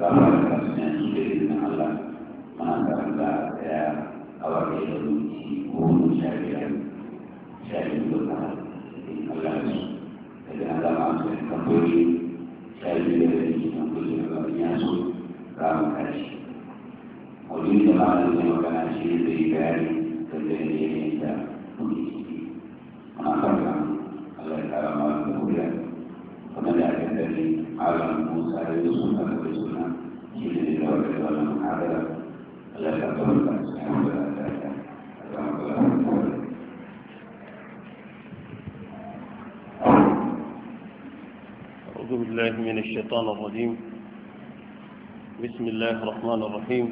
kama da kasu yanki da izinin Allah muna karanta daya a wata da minti goma da kuma in Allah ya ya shi ya على موسى يوسف ويوسف من الله ولم هذا لا تقبل سبحانه وتعالى أعوذ بالله من الشيطان الرجيم بسم الله الرحمن الرحيم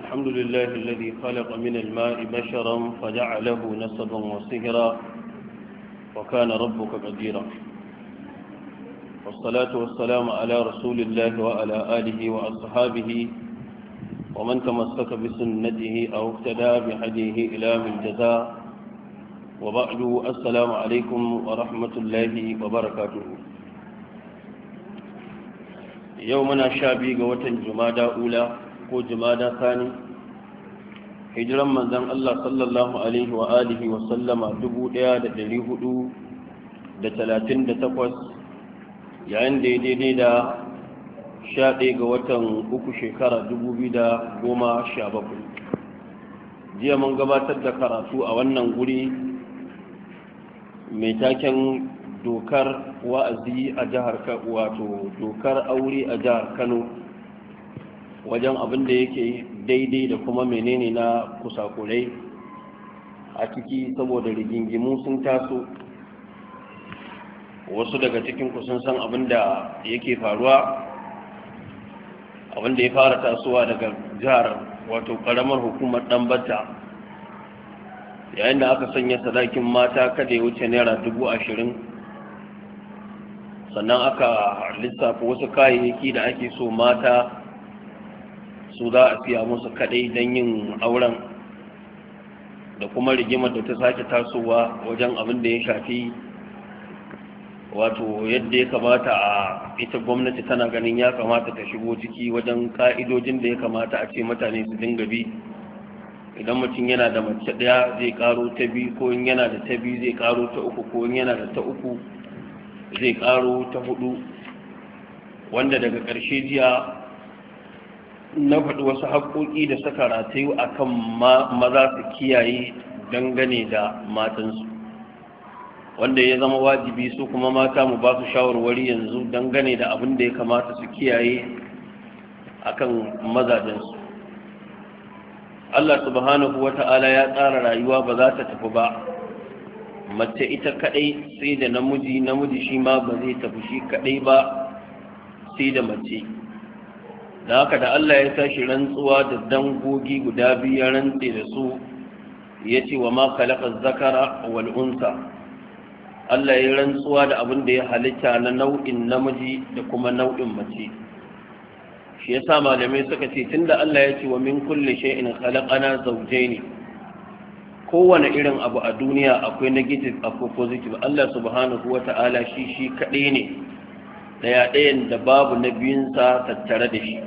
الحمد لله الذي خلق من الماء بشرا فجعله نسبا وسهرا وكان ربك قديرا والصلاة والسلام على رسول الله وعلى آله وأصحابه ومن تمسك بسنته أو اقتدى بهديه إلى من جزاء وبعد السلام عليكم ورحمة الله وبركاته يومنا شابي قوة جمادى أولى وجمادى ثاني hijiran manzan Allah sallallahu Alaihi wa alihi wa sallama takwas. yayin da ya daidai da sha ga watan uku shekara dubu biyu da goma sha bakwai jiya mun gabatar da karatu a wannan guri mai taken dokar wa'azi a jihar wato dokar aure a jihar kano wajen abin da yake daidai da kuma menene na kusakurai a ciki saboda rigingimu sun taso wasu daga cikin kusan sun san abin da yake faruwa abin da ya fara tasowa daga jihar wato karamar hukumar danbata yayin da aka sanya sadakin mata kada ya wuce naira dubu ashirin sannan aka lissafa wasu kayayyaki da ake so mata su za a siya musu kadai don yin auren da kuma rigimar da ta sake tasowa wajen abin da ya shafi wato yadda ya kamata a ita gwamnati tana ganin ya kamata ta shigo ciki wajen ka'idojin da ya kamata a ce mutane su dinga bi idan mutum yana da mace daya zai karo ta bi, ko in yana da ta bi zai karo ta uku ko in yana da ta uku zai karo ta hudu wanda daga ƙarshe jiya na faɗi wasu haƙoƙi da suka ratayu akan maza su kiyaye dangane da matansu wanda ya zama wajibi su kuma mata mu ba su shawarwari yanzu dangane da abin da ya kamata su kiyaye akan mazajensu Allah subhanahu wata'ala ya tsara rayuwa ba za ta tafi ba mace ita kadai sai da namiji namiji shi ma ba zai tafi shi kadai ba sai da mace da haka da Allah ya tashi rantsuwa da dangogi guda biyu ya rantse da su ya ce wa ma khalaqa zakara wal Allah ya rantsuwa da abin da ya halitta na nau'in namiji da kuma nau'in mace shi yasa malamai suka ce tunda Allah ya ce wa min kulli shay'in khalaqana zawjayn kowane irin abu a duniya akwai negative akwai positive Allah subhanahu wata'ala shi shi kaɗai ne daya ɗayan da babu na sa tattare da shi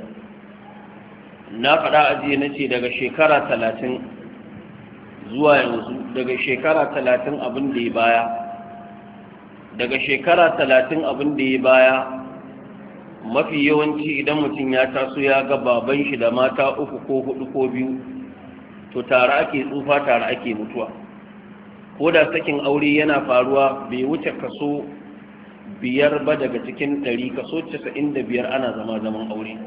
na faɗa a jiya na ce daga shekara talatin zuwa yanzu daga shekara talatin abin da ya baya daga shekara talatin abin da ya baya mafi yawanci idan mutum ya taso ya ga baban shi da mata uku ko hudu ko biyu to tare ake tsufa tare ake mutuwa ko da sakin aure yana faruwa bai wuce kaso biyar ba daga cikin ɗari kaso casa'in da biyar ana zama zaman aure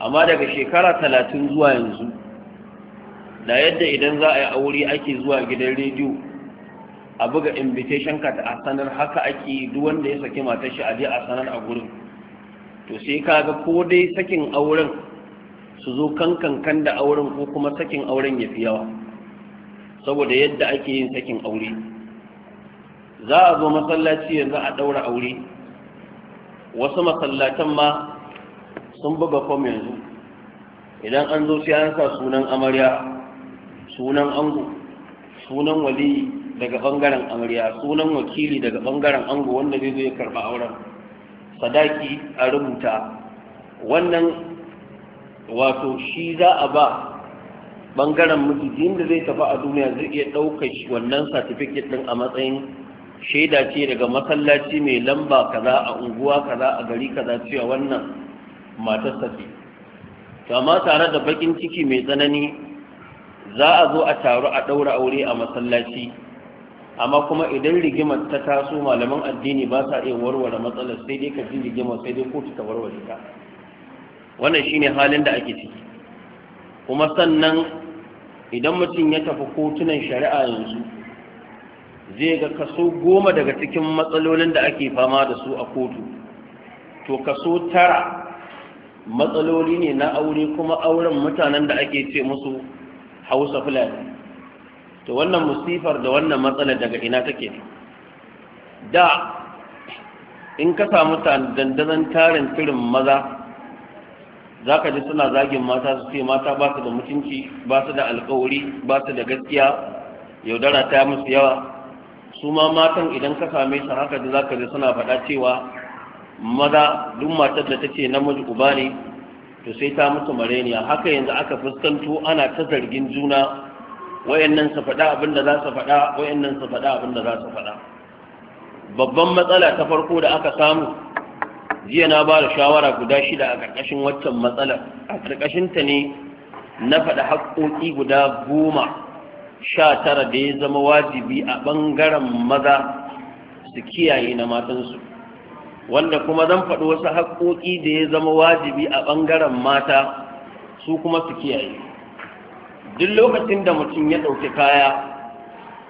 amma daga shekara talatin zuwa yanzu da yadda idan za a yi aure ake zuwa gidan rediyo a buga invitation card a sanar haka ake duk wanda ya saki matar shi a je a sanar a gurin to sai ka ga ko dai sakin auren su zo kankan da auren ko kuma sakin auren ya fi yawa saboda yadda ake yin sakin aure za a zo masallaci yanzu a ɗaura aure wasu masallatan ma sun buga fom yanzu idan an zo sai an sa sunan amarya sunan ango sunan waliyi daga bangaren amarya sunan wakili daga bangaren ango wanda zai zo ya karba auren sadaki a rubuta wannan wato shi za a ba bangaren mijijin da zai tafi a duniya zai iya ɗaukar wannan certificate din a matsayin shaida ce daga masallaci mai lamba kaza a unguwa kaza a gari kaza cewa wannan matar ce to amma tare da bakin ciki mai tsanani za a zo a taru a ɗaura aure a masallaci amma kuma idan rigimar ta taso malaman addini ba sa iya warware matsalar sai dai ka ji rigimar sai dai kotu ta warware ta wannan shine halin da ake ciki kuma sannan idan mutum ya tafi kotunan shari'a yanzu zai ga kaso goma daga cikin matsalolin da ake fama da su a kotu to kaso tara matsaloli ne na aure kuma auren mutanen da ake ce musu hausa fulani to wannan musifar da wannan matsalar daga ina take da in ka samu dandazon tarin kirin maza za ka ji suna zagin mata su ce mata ba su da mutunci ba su da alkawari ba su da gaskiya yaudara ta musu yawa su ma matan idan ka same su haka da za ka ji suna faɗa cewa maza duk matar da ta ce namiji uba ne to sai ta mutu mareniya haka yanzu aka fuskanto ana ta zargin juna wayannan su faɗa abin da za su faɗa wayannan su faɗa abin da za su faɗa babban matsala ta farko da aka samu jiya na ba da shawara guda shida a ƙarƙashin waccan matsala a ƙarƙashin ta ne na faɗa haƙƙoƙi guda goma sha tara da ya zama wajibi a ɓangaren maza su kiyaye na matansu wanda kuma zan faɗi wasu haƙƙoƙi da ya zama wajibi a ɓangaren mata su kuma su kiyaye duk lokacin da mutum ya ɗauki kaya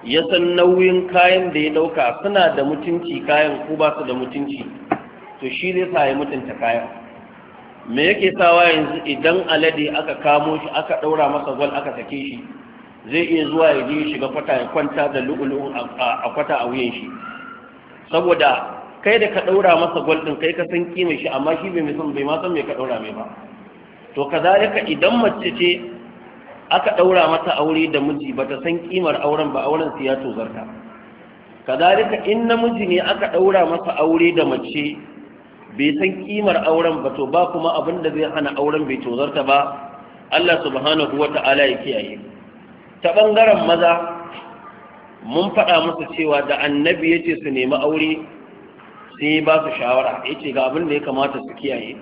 ya san nauyin kayan da ya ɗauka suna da mutunci kayan ko ba su da mutunci to shi zai sa ya mutunta kayan me yake sawa yanzu idan alade aka kamo shi aka ɗaura masa gwal aka sake shi zai iya zuwa ya je shiga kwata ya kwanta da lu'ulu'un a kwata a wuyan shi saboda kai da ka ɗaura masa gwal ɗin kai ka san kima shi amma shi bai san bai ma san me ka ɗaura mai ba to kazalika idan mace ce aka ɗaura mata aure da miji bata san kimar auren ba auren su ya tozarta kadalika in namiji ne aka ɗaura masa aure da mace bai san kimar auren ba to ba kuma abin da zai hana auren bai tozarta ba Allah subhanahu wata'ala ya kiyaye ta bangaren maza mun faɗa musu cewa da annabi ya ce su nemi aure sai ba su shawara ya ce ga abin da ya kamata su kiyaye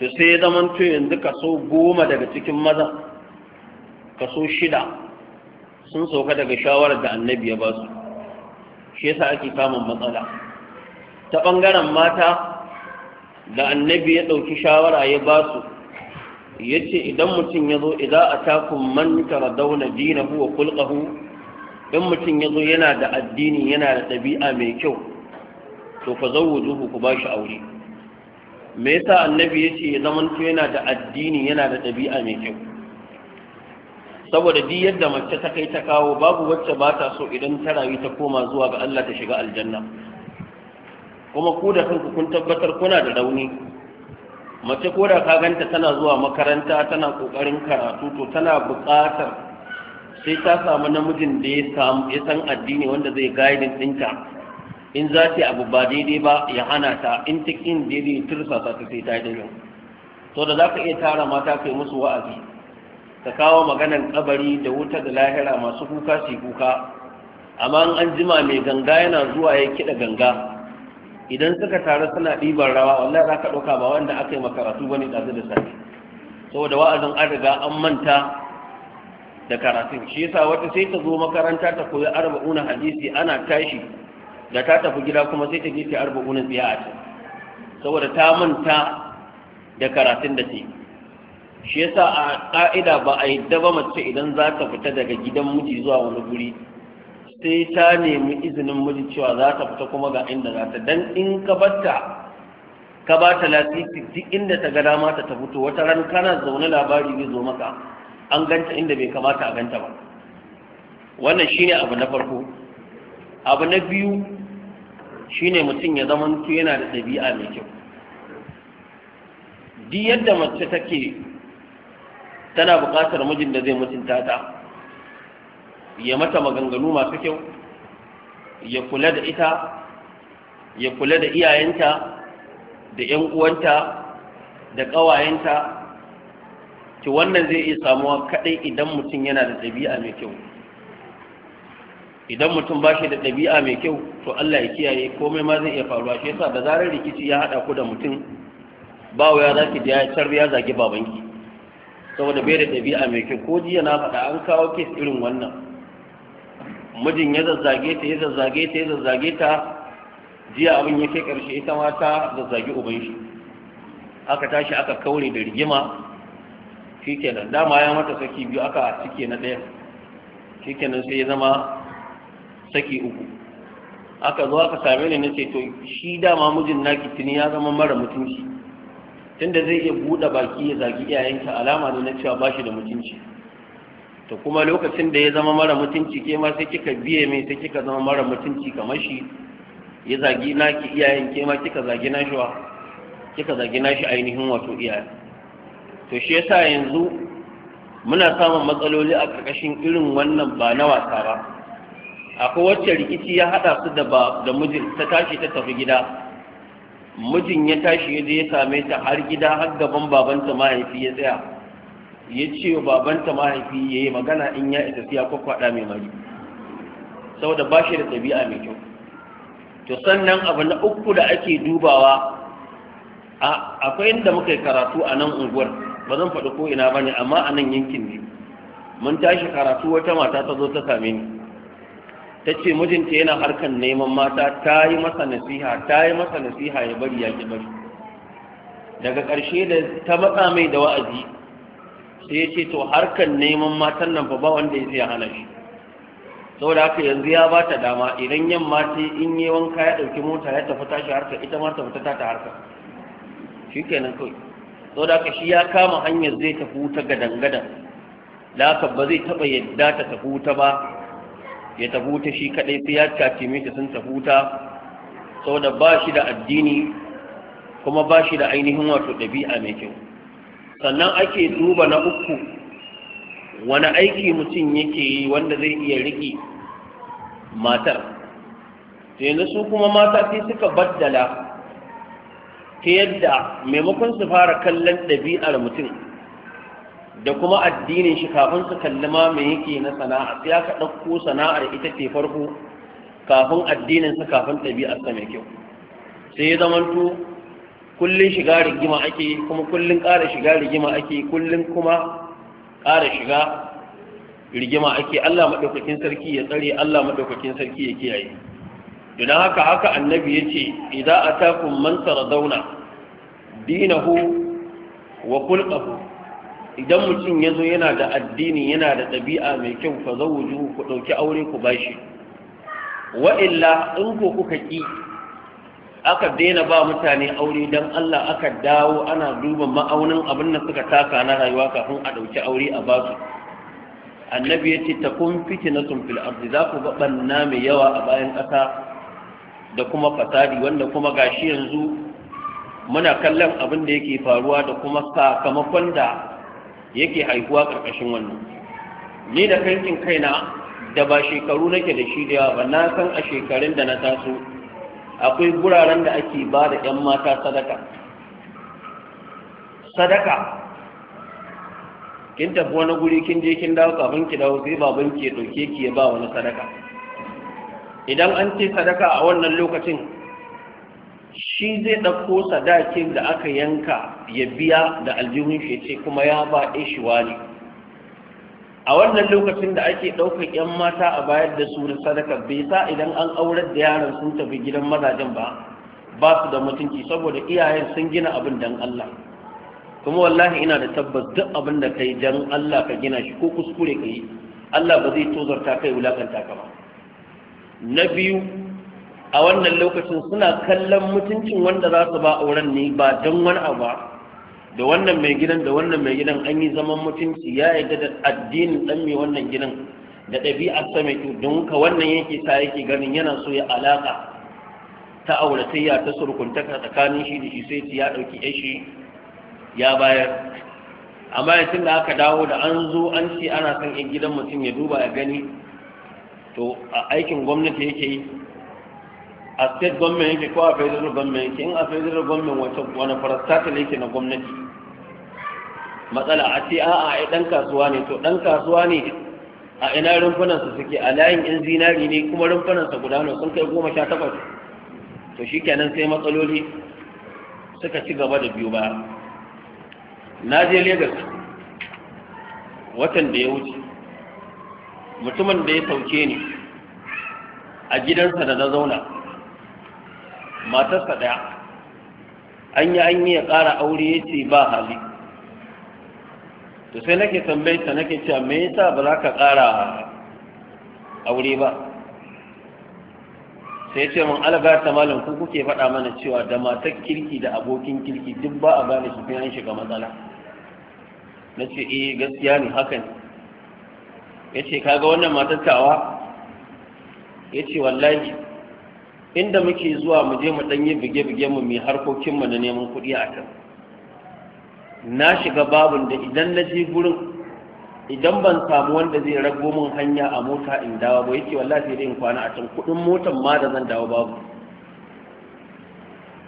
to sai zaman to yanzu kaso goma daga cikin maza kaso shida sun sauka daga shawarar da annabi ya ba su shi yasa ake samun matsala ta ɓangaren mata da annabi ya ɗauki shawara ya ba su ya ce idan mutum ya zo idan a takun man dauna dinahu wa kulƙahu in mutum ya zo yana da addini yana da ɗabi'a mai kyau to fa zawwujuhu ku ba shi aure me yasa annabi ya ce ya zamanto yana da addini yana da ɗabi'a mai kyau saboda duk yadda mace ta kai ta kawo babu wacce ba ta so idan ta rayu ta koma zuwa ga Allah ta shiga aljanna kuma ku da kanku kun tabbatar kuna da rauni mace ko da ka ganta tana zuwa makaranta tana kokarin karatu to tana buƙatar sai ta samu namijin da ya samu ya san addini wanda zai guiding ɗinta in za ta abu ba daidai ba ya hana ta in ta kin daidai tursa ta sai ta daidai to da za ka iya tara mata kai musu wa'azi ka kawo maganan kabari da wuta da lahira masu kuka su kuka amma an jima mai ganga yana zuwa ya kiɗa ganga idan suka taru suna ɗiban rawa wallahi za ka ɗauka ba wanda aka yi makaratu ba ne ɗazu da safe saboda wa'azin an riga an manta da karatun shi yasa wata sai ta zo makaranta ta koyi arba'una hadisi ana tashi da ta tafi gida kuma sai ta gefe arba'una tsiya a can saboda ta manta da karatun da ce shi yasa a ƙa'ida ba a yadda ba mace idan za ta fita daga gidan miji zuwa wani guri sai ta nemi izinin miji cewa za ta fita kuma ga inda za ta dan in ka batta ka ba ta lasisi duk inda ta gada mata ta fito wata ran kana zaune labari zai zo maka an ganta inda bai kamata a ganta ba wannan shine abu na farko abu na biyu shine mutum ya zama yana da ɗabi'a mai kyau Di yadda mace take tana buƙatar mijin da zai mutunta ta ya mata maganganu masu kyau ya kula da ita ya kula da iyayenta da 'yan uwanta da ƙawayenta ki wannan zai iya samuwa kaɗai idan mutum yana da ɗabi'a mai kyau idan mutum ba shi da ɗabi'a mai kyau to Allah ya kiyaye komai ma zai iya faruwa shi yasa da zarar rikici ya haɗa ku da mutum ba ya za ki ya ya zagi babanki saboda bai da ɗabi'a mai kyau ko jiya na faɗa an kawo kes irin wannan mijin ya zazzage ta ya zazzage ta ya zazzage ta jiya abin ya kai ƙarshe ita ma ta zazzage uban shi aka tashi aka kaure da rigima shikenan dama ya mata saki biyu aka cike na ɗaya shikenan sai ya zama saki uku aka zo aka same ni na ce to shi dama mijin naki tuni ya zama mara mutunci tunda zai iya buɗe baki ya zagi iyayenka alama ne na cewa ba shi da mutunci to kuma lokacin da ya zama mara mutunci ke ma sai kika biye mai sai kika zama mara mutunci kamar shi ya zagi naki iyayen ke ma kika zagi shi wa kika zagi shi ainihin wato iyaye. to shi yasa yanzu muna samun matsaloli a ƙarƙashin irin wannan ba na wasa ba akwai wacce rikici ya haɗa su da da mijin ta tashi ta tafi gida mijin ya tashi ya ya same ta har gida har gaban babanta mahaifi ya tsaya ya ce wa babanta mahaifi ya yi magana in ya isa siya kwakwada mai mari saboda ba shi da ɗabi'a mai kyau to sannan abu na uku da ake dubawa akwai inda muka yi karatu a nan unguwar ba zan faɗi ko ina ba ne amma a nan yankin ne mun tashi karatu wata mata ta zo ta same ni ta ce mijinta yana harkan neman mata ta yi masa nasiha ta yi masa nasiha ya bari ya ki bari daga ƙarshe da ta matsa mai da wa'azi sai ya ce to harkan neman matan nan fa ba wanda ya hana shi saboda haka yanzu ya ba ta dama idan yamma ta in yi wanka ya ɗauki mota ya tafi tashi harka ita ma ta fita ta harka shi kenan kawai saboda haka shi ya kama hanyar zai tafi wuta gadan gadan da haka ba zai taɓa yadda ta tafi wuta ba ya tafi wuta shi kaɗai sai ya cacime shi sun tafi wuta saboda ba shi da addini kuma ba shi da ainihin wato ɗabi'a mai kyau sannan ake duba na uku wani aiki mutum yake yi wanda zai iya riƙe matar Sai yanzu su kuma mata sai suka baddala ta yadda maimakon su fara kallon ɗabi'ar mutum da kuma addinin shi kafin ka kalli ma me yake na sana'a sai aka ɗauko sana'ar ita ce farko kafin addinin su kafin ɗabi'ar sa mai kyau sai ya zamanto kullun shiga rigima ake kuma kullun ƙara shiga rigima ake kullun kuma ƙara shiga rigima ake Allah maɗaukakin sarki ya tsare Allah maɗaukakin sarki ya kiyaye don haka haka annabi ya ce idza atakum man taradawna dinahu wa kulqahu idan mutum ya zo yana da addini yana da ɗabi'a mai kyau fa wuju ku ɗauki aure ku bashi wa illa in ko kuka ƙi aka daina ba mutane aure don Allah aka dawo ana duba ma'aunin abin da suka taka na rayuwa kafin a ɗauki aure a basu annabi ya ce ta kun sun fil arzi za ku ga na mai yawa a bayan ƙasa da kuma fasadi wanda kuma gashi yanzu muna kallon abin da yake faruwa da kuma sakamakon da yake haihuwa ƙarƙashin wannan ni da kankin kaina da ba shekaru nake da shi da ba na san a shekarun da na taso akwai guraren da ake ba da 'yan mata sadaka sadaka kin tafi wani guri kin je kin dawo kafin ki dawo sai baban ki dauke ki ya ba wani sadaka idan an ce sadaka a wannan lokacin shi zai ɗauko sadakin da aka yanka ya biya da aljihun shi ce kuma ya ba shi wani a wannan lokacin da ake ɗaukar 'yan mata a bayar da su na sadaka bai sa idan an aurar da yaran sun tafi gidan mazajen ba ba su da mutunci saboda iyayen sun gina abin dan Allah kuma wallahi ina da tabbas duk abin da kai dan Allah ka gina shi ko kuskure ka yi Allah ba zai tozarta kai wulakanta ka ba na biyu a wannan lokacin suna kallon mutuncin wanda za su ba auren ne ba don wani abu da wannan mai gidan da wannan mai gidan an yi zaman mutunci ya yarda da addinin dan mai wannan gidan da ɗabi'a sa mai don ka wannan yake sa yake ganin yana so ya alaka ta auratayya ta surkuntaka tsakanin shi da shi sai ya ɗauki shi ya bayar amma ya da aka dawo da an zo an ce ana son yan gidan mutum ya duba ya gani to a aikin gwamnati yake yi a state government yake ko a federal government yake in a federal government wata wani ne yake na gwamnati matsala a ce a'a ai dan kasuwa ne to dan kasuwa ne a ina rumfunan su suke a layin in zinari ne kuma rumfunan sa guda sun kai goma sha takwas to shikenan sai matsaloli suka ci gaba da biyu baya na je Legas watan da ya wuce mutumin da ya sauke ni a gidansa da na zauna matarsa ɗaya an yi an yi ya ƙara aure ya ce ba hali to sai nake tambayi ta nake cewa me yasa ba za ka ƙara aure ba sai ya ce min alga ta malam ku kuke faɗa mana cewa da matar kirki da abokin kirki duk ba a gane shi an shiga matsala na ce eh gaskiya ne hakan ya ce kaga wannan matar tawa ya ce wallahi inda muke zuwa mu je mu ɗan yi bige-bige mu mai harkokin mu na neman kuɗi a kan na shiga babun da idan na je gurin idan ban samu wanda zai rago min hanya a mota in dawo ba yake wallahi sai dai in kwana a can kuɗin motan ma da zan dawo babu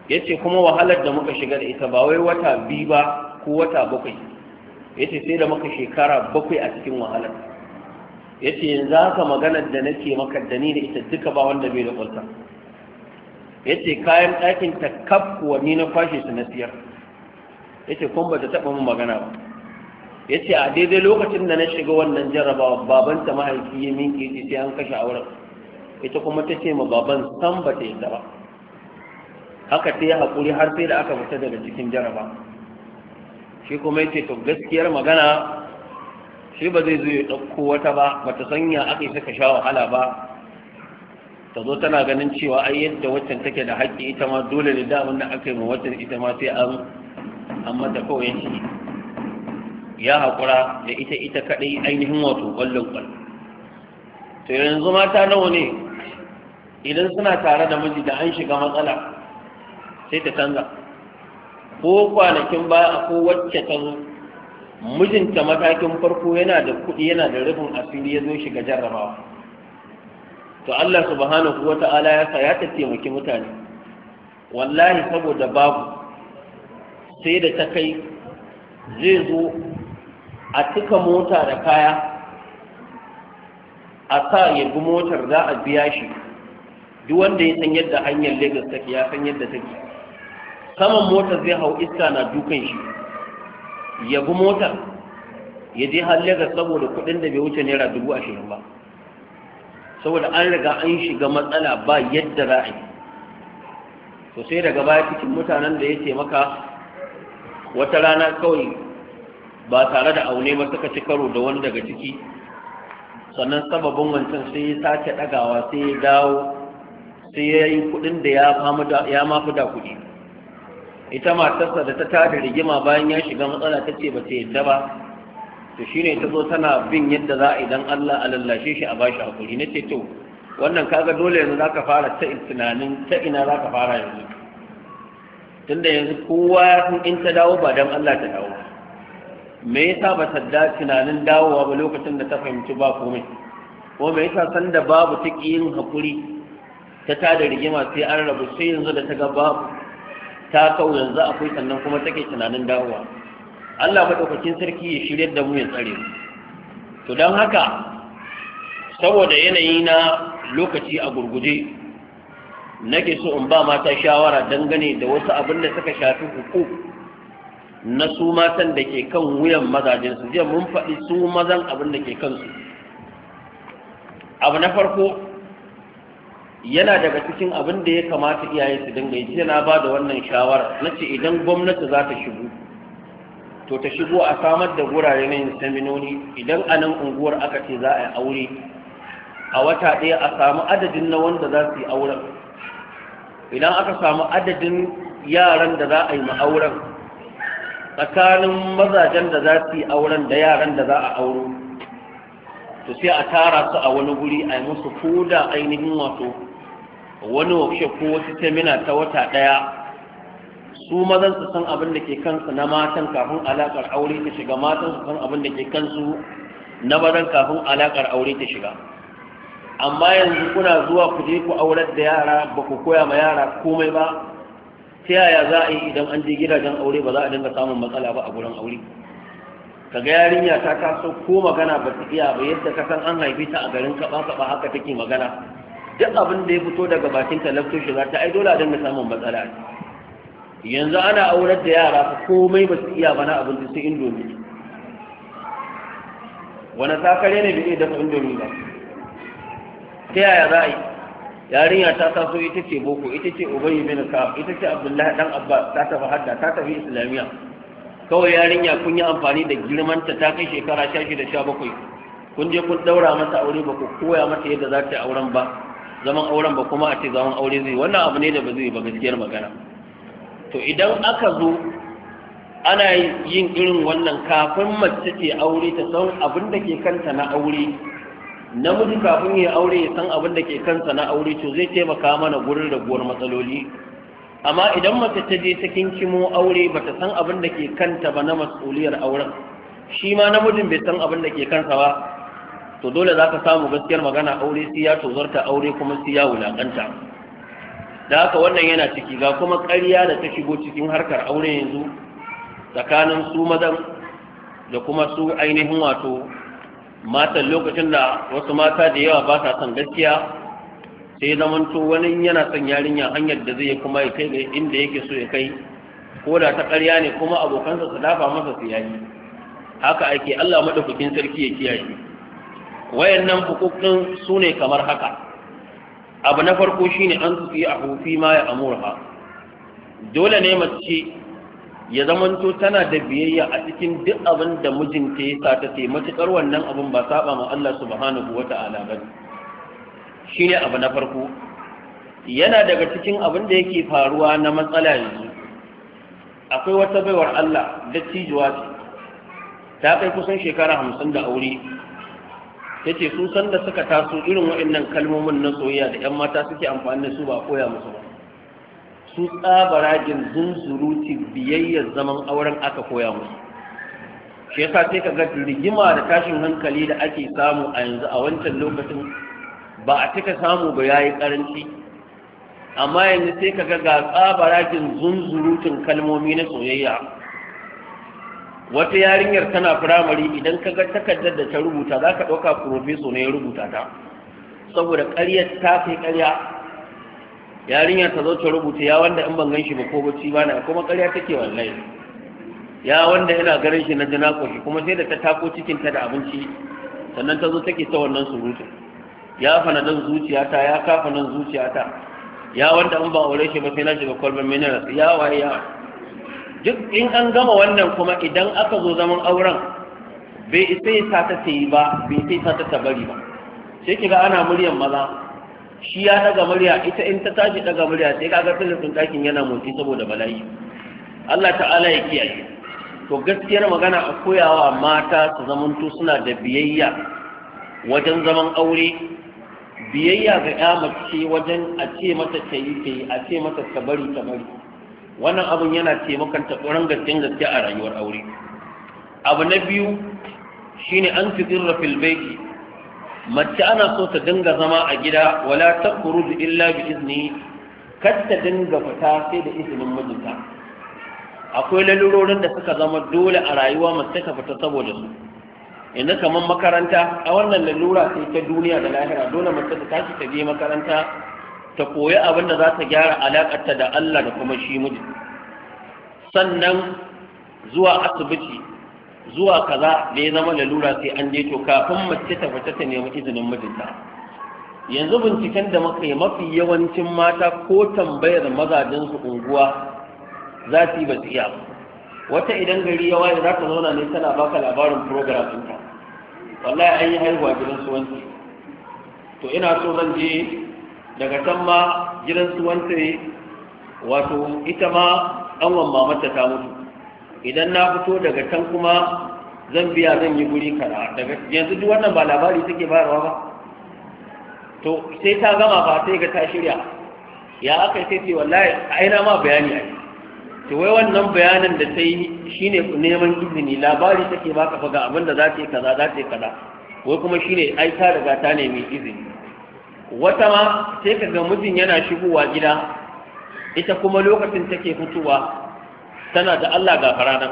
yace kuma wahalar da muka shiga da ita ba wai wata biyu ba ko wata bakwai yace sai da muka shekara bakwai a cikin wahalar yace yanzu haka maganar da nake maka da ni da ita duka ba wanda bai da kwalta Ya ce kayan ɗakin ta kaf ni na kwashe su na siyar ce kuma ba ta taɓa mu magana ba Ya ce a daidai lokacin da na shiga wannan jarabawa babanta mahaifi ya minke yace sai an kashe auren ita kuma ta ce ma baban san ba ta yadda ba haka ta yi haƙuri har sai da aka fita daga cikin jaraba shi kuma yace to gaskiyar magana shi ba zai zo ya ɗauko wata ba ba ta sanya aka yi saka sha wahala ba ta zo tana ganin cewa ai yadda waccan take da haƙƙi ita ma dole ne da abinda aka yi ma waccan ita ma sai an an mata kawai shi ya haƙura da ita ita kaɗai ainihin wato ƙwallon ƙwal to yanzu mata nawa ne idan suna tare da miji da an shiga matsala sai ta canza ko kwanakin baya ko wacce ta zo mijinta matakin farko yana da kuɗi yana da rufin asiri ya zo shiga jarrabawa to Allah subhanahu wa ta'ala ya sa ya taimaki mutane wallahi saboda babu sai da ta kai zai zo a cika mota da kaya a sa ya bi motar za a biya shi duk wanda ya san yadda hanyar Lagos take ya san yadda take saman motar zai hau iska na dukan shi ya bi motar ya je har Lagos saboda kuɗin da bai wuce naira dubu ashirin ba saboda an riga an shiga matsala ba yadda za a yi to sai daga baya cikin mutanen da ya taimaka wata rana kawai ba tare da aune ba suka ci karo da wani daga ciki sannan sababin wancan sai ya sake dagawa, sai ya dawo sai ya yi kuɗin da ya mafi da kuɗi ita matarsa da ta tada rigima bayan ya shiga matsala ta ce ba ta yadda ba to ne ta zo tana bin yadda za a idan Allah a lallashe shi a bashi hakuri na ce to wannan kaga dole yanzu za ka fara ta tunanin ta ina ka fara yanzu tunda yanzu kowa in ta dawo ba don Allah ta dawo me yasa ba ta da tunanin dawowa ba lokacin da ta fahimci ba komai ko me yasa san da babu ta yin hakuri ta tada rigima sai an rabu sai yanzu da ta ga babu ta kau yanzu akwai sannan kuma take tunanin dawowa Allah maɗaukakin sarki ya shirya da mu ya tsare mu to don haka saboda yanayi na lokaci a gurguje nake so in ba mata shawara dangane da wasu abin da suka shafi uku na su matan da ke kan wuyan mazajen su jiya mun faɗi su mazan abin da ke kansu abu na farko yana daga cikin abin da ya kamata iyaye su dinga yi jiya na ba da wannan shawara na ce idan gwamnati za ta shigo to ta shigo a samar da gurare na yin seminoni idan a nan unguwar aka ce za a yi aure a wata ɗaya a samu adadin na wanda za su yi auren idan aka samu adadin yaran da za a yi ma'auren tsakanin mazajen da za su yi auren da yaran da za a auro to sai a tara su a wani guri a yi musu ko da ainihin wato wani wakshe ko wasu semina ta wata ɗaya su mazan su san abin da ke kansu na matan kafin alaƙar aure ta shiga matan su san abin da ke kansu na mazan kafin alaƙar aure ta shiga amma yanzu kuna zuwa ku je ku aurar da yara ba ku koya ma yara komai ba ta yaya za a yi idan an je gidajen aure ba za a dinga samun matsala ba a gurin aure kaga yarinya ta taso ko magana ba ta iya ba yadda ka san an haife ta a garin kaɓa kaɓa haka take magana duk abin da ya fito daga bakin ta lafto shi za ta ai dole a dinga samun matsala yanzu ana aurar da yara komai ba su iya bana abinci sai indomi wani takare ne bai dafa indomi ba ta yaya za a yi yarinya ta taso ita ce boko ita ce ubayi bin ka ita ce abdullahi dan abba ta tafi hadda ta tafi islamiyya kawai yarinya kun yi amfani da girmanta ta kai shekara sha shida sha bakwai kun je kun daura mata aure ba ku koya mata yadda za ta yi auren ba zaman auren ba kuma a ce zaman aure zai wannan abu ne da ba zai ba gaskiyar magana to idan aka zo ana yin irin wannan kafin mace ce aure ta san abin da ke kanta na aure namiji kafin ya aure ya san abin da ke kansa na aure to zai taimaka mana gurin raguwar matsaloli amma idan mace ta je cikin kimo aure bata san abin da ke kanta ba na mas'uliyar auren shi ma namijin bai san abin da ke kansa ba to dole za ka samu gaskiyar magana aure sai ya tozarta aure kuma sai ya wulakanta da haka wannan yana ciki ga kuma ƙarya da ta shigo cikin harkar aure yanzu tsakanin su mazan da kuma su ainihin wato matan lokacin da wasu mata da yawa ba sa son gaskiya sai zamanto wani yana son yarinya hanyar da zai kuma ya kai inda yake so ya kai ko da ta ƙarya ne kuma abokansa su dafa masa su yayi haka ake Allah maɗaukakin sarki ya kiyaye wayannan hukukin su ne kamar haka abu na farko shi ne an tufi a hufi ma ya amurha dole ne mace ya zamanto tana da biyayya a cikin duk abin da mijinta ya sa ta taimaki matuƙar wannan abin ba saba ma Allah subhanahu wa ta'ala ba ne abu na farko yana daga cikin abin da yake faruwa na matsala yanzu akwai wata baiwar Allah da cijuwa ta kai kusan shekara hamsin da aure yace su san da suka taso irin waɗannan kalmomin na soyayya da 'yan mata suke amfani da su ba koya musu ba su jin zunzuruti biyayyar zaman auren aka koya musu shi yasa sai ka ga rigima da tashin hankali da ake samu a yanzu a wancan lokacin ba a cika samu ba yayi karanci amma yanzu sai ka ga ga jin zunzurutin kalmomi na soyayya wata yarinyar tana firamare idan ka ga takardar da ta rubuta za ka ɗauka profeso ne ya rubuta ta saboda ƙarya ta kai ƙarya yarinyar ta zo ta rubuta ya wanda in ban ganshi ba ko bacci ba na kuma ƙarya take wallahi ya wanda ina ganin shi na ji shi, kuma sai da ta tako cikinta da abinci sannan ta zo take ta wannan surutu ya fana dan zuciyata ya kafa nan zuciyata ya wanda in ba aure shi ba sai na shiga kwalban minerals ya waye ya duk in an gama wannan kuma idan aka zo zaman auren bai isa ya sata ta yi ba bai isa sata ta bari ba sai kiga ana muryan maza shi ya daga murya ita in ta tashi daga murya sai kaga sun dakin yana motsi saboda bala'i Allah ta'ala ya kiyaye to gaskiyar magana a koyawa mata su zamanto suna da biyayya wajen zaman aure biyayya ga ya mace wajen a ce mata ta yi ta yi a ce mata ta bari ta bari wannan abun yana taimakon taɓuran gaske gaske a rayuwar aure abu na biyu shine an fi zirra filbeki mace ana so ta dinga zama a gida wala ta da illa bi izini kar ta dinga fita sai da izinin mijinta akwai lalurorin da suka zama dole a rayuwa mace ta fita saboda su inda kamar makaranta a wannan lalura sai ta duniya da lahira dole mace ta tashi ta je makaranta ta koyi abin da za ta gyara alaƙarta da Allah da kuma shi miji sannan zuwa asibiti zuwa kaza da ya zama lalura sai an je to kafin mace ta fita ta nemi izinin mijinta yanzu binciken da muka yi mafi yawancin mata ko tambayar mazajen su unguwa za su yi ba su iya wata idan gari ya waye za ta zauna ne tana baka labarin program ɗinka wallahi an yi haihuwa gidan su wanki to ina so zan je daga can ma gidan su ne wato ita ma ɗanwan mamata ta mutu idan na fito daga can kuma zan biya zan yi guri kara daga yanzu duk wannan ba labari take bayarwa ba to sai ta gama ba sai ga ta shirya ya aka sai ce wallahi aina ma bayani ai to wai wannan bayanin da ta yi shine neman izini labari take baka fa ga abin za ta yi kaza za ta yi kaza wai kuma shine ai ta riga ta nemi izini wata ma sai ka ga mijin yana shigowa gida ita kuma lokacin take fitowa tana da Allah ga farana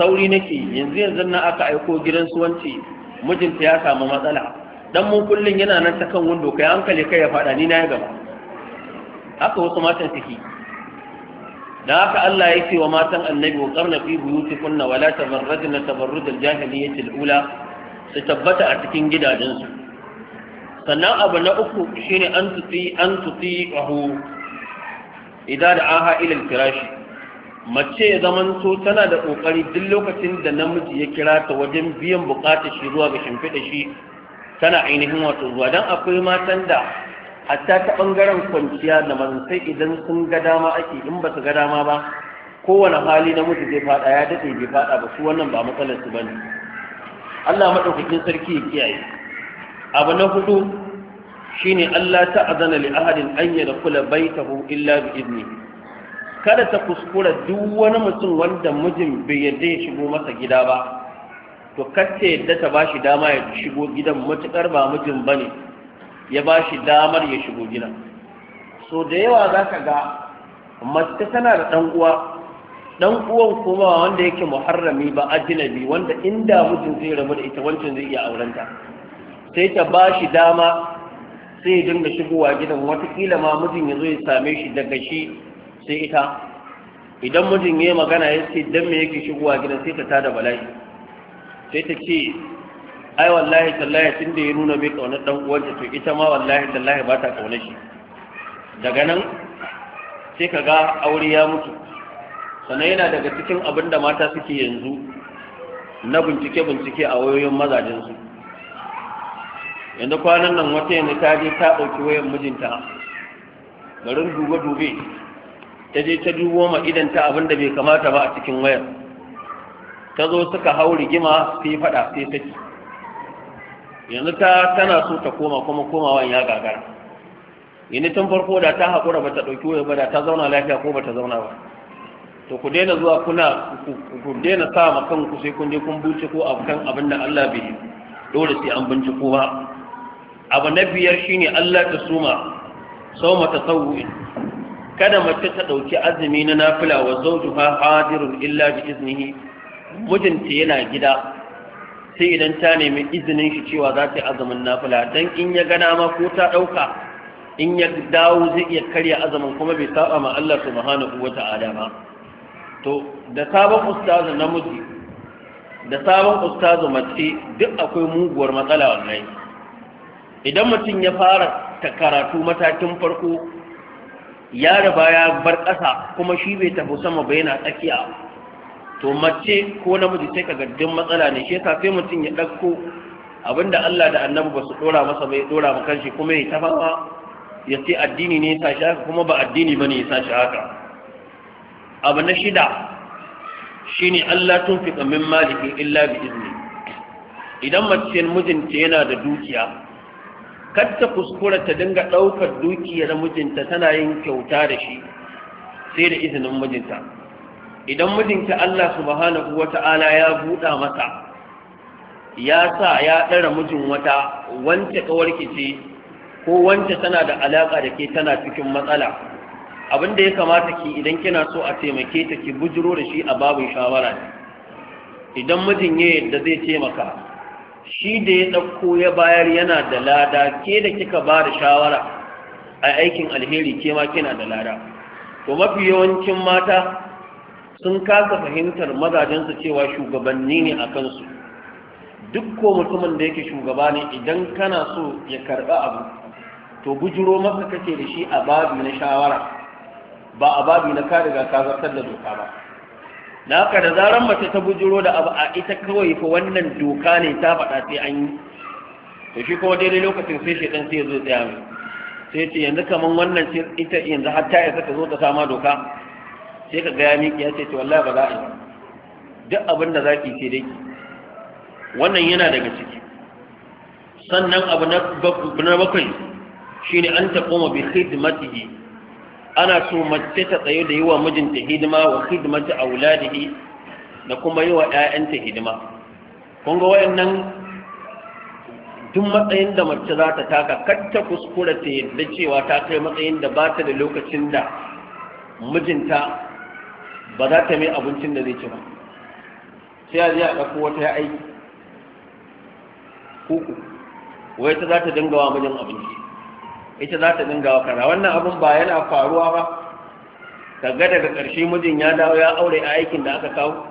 sauri nake yanzu yanzu na aka aiko gidan suwanci mijinta ya samu matsala dan mun kullun yana nan ta kan wando, kai hankali kai ya fada ni na ya gaba haka wasu matan suke da haka Allah ya ce wa matan annabi wa qarna fi buyutikunna wala tabarrajna tabarrujal jahiliyyati al-ula su tabbata a cikin gidajensu sannan abu na uku shi ne an tuti an tuti wahu idza da aha ila firashi mace ya zaman to tana da kokari duk lokacin da namiji ya kira ta wajen biyan bukatar shi zuwa ga shimfiɗa shi tana ainihin wato zuwa don akwai matan da hatta ta bangaren kwanciya da mazan idan sun ga dama ake in ba su ga dama ba kowane hali na mutu zai fada ya daɗe bai fada ba su wannan ba matsalar su bane Allah maɗaukakin sarki ya kiyaye abu na hudu shine Allah ta ta'azana li ahadin an bai baitahu illa bi idni kada ta kuskura duk wani mutum wanda mijin bai yadda ya shigo masa gida ba to kacce yadda ta bashi dama ya shigo gidan matukar ba mijin bane ya bashi damar ya shigo gidan so da yawa zaka ga mace tana da dan uwa dan uwan kuma wanda yake muharrami ba ajnabi wanda inda mutum zai rabu da ita wancan zai iya aurenta sai ta ba shi dama sai ya dinga shigowa gidan watakila ma mijin ya zo ya same shi daga shi sai ita idan mijin ya yi magana ya ce dan me yake shigowa gidan sai ta tada bala'i sai ta ce ai wallahi tallahi tun da ya nuna bai kaunar dan uwanta to ita ma wallahi tallahi ba ta kaunar shi daga nan sai ka ga aure ya mutu sannan yana daga cikin abin da mata suke yanzu na bincike-bincike a wayoyin mazajensu yanzu kwanan nan wata yanzu ta je ta ɗauki wayan mijinta garin dube-dube ta je ta dubo ma idan ta abin da bai kamata ba a cikin wayar ta zo suka hau rigima sai faɗa sai saki yanzu ta tana so ta koma kuma komawan ya gagara yanzu tun farko da ta haƙura ba ta ɗauki waya ba da ta zauna lafiya ko ba ta zauna ba to ku daina zuwa kuna ku daina sa ma kanku sai kun je kun binciko akan abin da Allah bai dole sai an binciko ba abu na biyar ne Allah ta suma mata tasawwi kada mace ta ɗauki azumi na nafila wa zawjuha hadirun illa bi iznihi mijinta yana gida sai idan ta nemi izinin shi cewa za ta yi azumin nafila dan in ya gana ma ko ta ɗauka, in ya dawo zai iya karya azumin kuma bai saba ma Allah subhanahu wata'ala ba to da sabon ustazu namiji da sabon ustazu mace duk akwai muguwar matsala wannan idan mutum ya fara ta karatu matakin farko ya riba ya bar ƙasa kuma shi bai tafi sama ba yana tsakiya to mace ko namiji sai ka gaddin matsala ne shi yasa sai mutum ya ɗauko abinda Allah da annabi ba su ɗora masa bai ɗora ma kanshi kuma ya tafawa ya ce addini ne ya shi haka kuma ba addini ba ne ya shi haka abu na shida shine Allah tun fi tsammin maliki illa bi izini idan mace mijinta yana da dukiya kar ta kuskura ta dinga ɗaukar dukiyar mijinta tana yin kyauta da shi sai da izinin mijinta idan mijinta Allah subhanahu wata'ala ya buɗa masa ya sa ya ɗara mijin wata wance ƙawarki ce ko wance tana da alaƙa da ke tana cikin matsala abin da ya kamata ki idan kina so a taimake ta ki bujiro da shi a babin shawara idan mijin ya yadda zai taimaka shi da ya ɗauko ya bayar yana da lada ke da kika ba da shawara a aikin alheri ke ma kina da lada to mafi yawancin mata sun kasa fahimtar mazajensu cewa shugabanni ne a kansu duk ko mutumin da yake shugaba ne idan kana so ya karɓi abu to bujiro maka kake da shi a babi na shawara ba a babi na ka riga ka zartar da doka ba da haka da zaran mace ta bujiro da abu a ita kawai fa wannan doka ne ta faɗa sai an yi to shi kuma daidai lokacin sai shaidan sai zo tsaya mai sai ce yanzu kaman wannan ce ita yanzu har ta yi saka zo ta sama doka sai ka gaya miki ya ce to wallahi ba za a yi duk abin da zaki ce dai wannan yana daga ciki sannan abu na bakwai shine an koma bi khidmatihi ana so mace ta tsayo da yi wa mijinta hidima wa hidimata wula da kuma yi wa 'ya'yanta hidima kun ga wayannan duk matsayin da mace za ta taka kar ta kuskura ta yadda cewa ta kai matsayin da ba ta da lokacin da mijinta ba za ta mai abincin da zai ci ba sai a a ɗauko wata ya aiki kuku wai ta za ta dinga wa mijin abinci ita za ta dinga wa kaza wannan abun ba yana faruwa ba kaga daga ƙarshe mijin ya dawo ya aure a aikin da aka kawo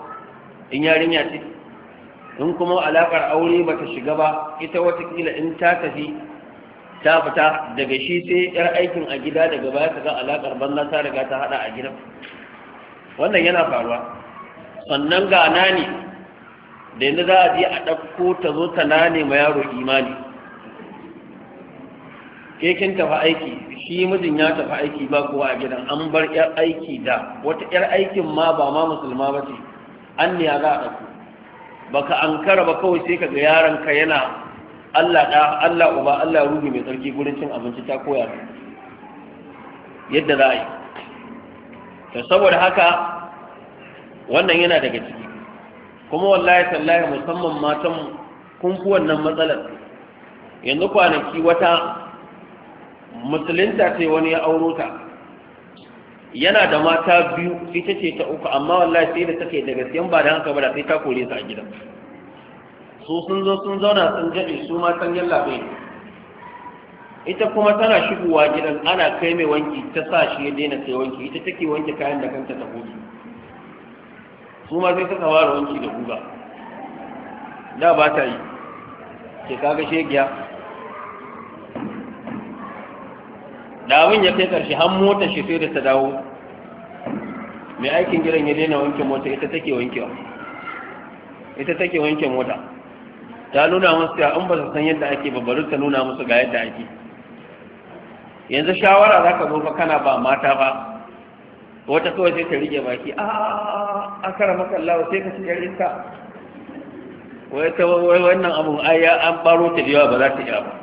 in yarinya ce in kuma alaƙar aure ba ta shiga ba ita watakila in ta tafi ta fita daga shi sai yar aikin a gida daga baya ta ga alaƙar banza ta riga ta haɗa a gidan wannan yana faruwa sannan ga nani da yanzu za a je a ɗauko ta zo ta nane ma yaro imani Kekin kin tafi aiki shi mijin ya tafi aiki ba kowa a gidan an bar yar aiki da wata yar aikin ma ba ma musulma ba ce an ne za a ɗauko baka an kara ba kawai sai kaga yaron ka yana Allah da Allah uba Allah ruhi mai tsarki gurin cin abinci ta koya yadda za a yi to saboda haka wannan yana daga ciki kuma wallahi tallahi musamman matan kun fi wannan matsalar yanzu kwanaki wata musulunta ce wani ya auro ta yana da mata biyu ita ce ta uku amma wallahi sai da take da gaskiyan ba da haka ba da sai ta kore su a gidan su sun zo sun zauna sun jaɗe su ma san yalla bai ita kuma tana shigowa gidan ana kai mai wanki ta sa shi ya daina kai wanki ita take wanke kayan da kanta ta gobe su ma sai suka ware wanki da guga da ba ta yi ke kaga shegiya da abin ya kai karshe har mota shi sai da ta dawo mai aikin gidan ya daina wanke mota ita take wankewa ita take wanke mota ta nuna musu ya an ba su san yadda ake ba bari ta nuna musu ga yadda ake yanzu shawara za ka zo fa kana ba mata ba wata kawai sai ta rige baki a a kara makallawa sai ka shigar iska wai ta wannan abun ai an baro ta da yawa ba za ta iya ba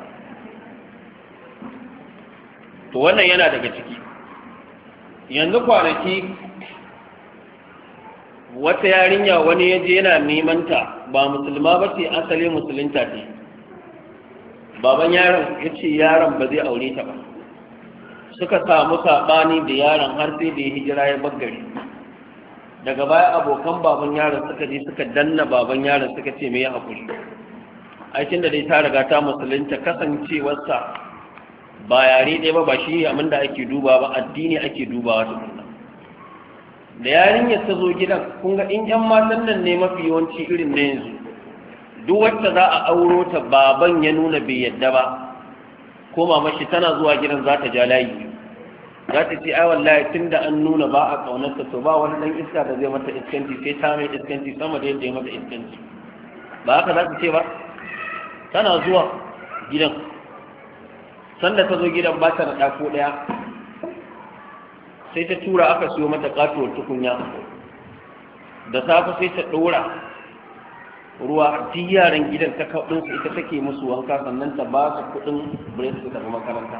to wannan yana daga ciki yanzu kwanaki wata yarinya wani ya je yana neman ta ba musulma ba ce asali musulunta ce baban yaron ya ce yaron ba zai aure ta ba suka samu saɓani da yaron har sai da ya hijira ya baggare daga baya abokan baban yaron suka je suka danna baban yaron suka ce mai haƙuri aikin da dai ta riga ta musulunta kasancewarsa ba yare ɗaya ba ba shi abin da ake duba ba addini ake dubawa tukunna da yarinyar ta zo gidan kun ga in yan matan nan ne mafi yawanci irin na yanzu duk wacce za a auro ta baban ya nuna bai yadda ba ko mama shi tana zuwa gidan za ta ja layi za ta ce ai wallahi tunda an nuna ba a kaunarta to ba wani dan iska da zai mata iskanci sai ta mai iskanci sama da yadda ya mata iskanci ba haka za ta ce ba tana zuwa gidan sanda ta zo gidan ba ta naɗa ko ɗaya sai ta tura aka siyo mata ƙatuwar tukunya da safe sai ta ɗora ruwa duk yaran gidan ta kaɗin su ita take musu wanka sannan ta ba su kuɗin bure su tafi makaranta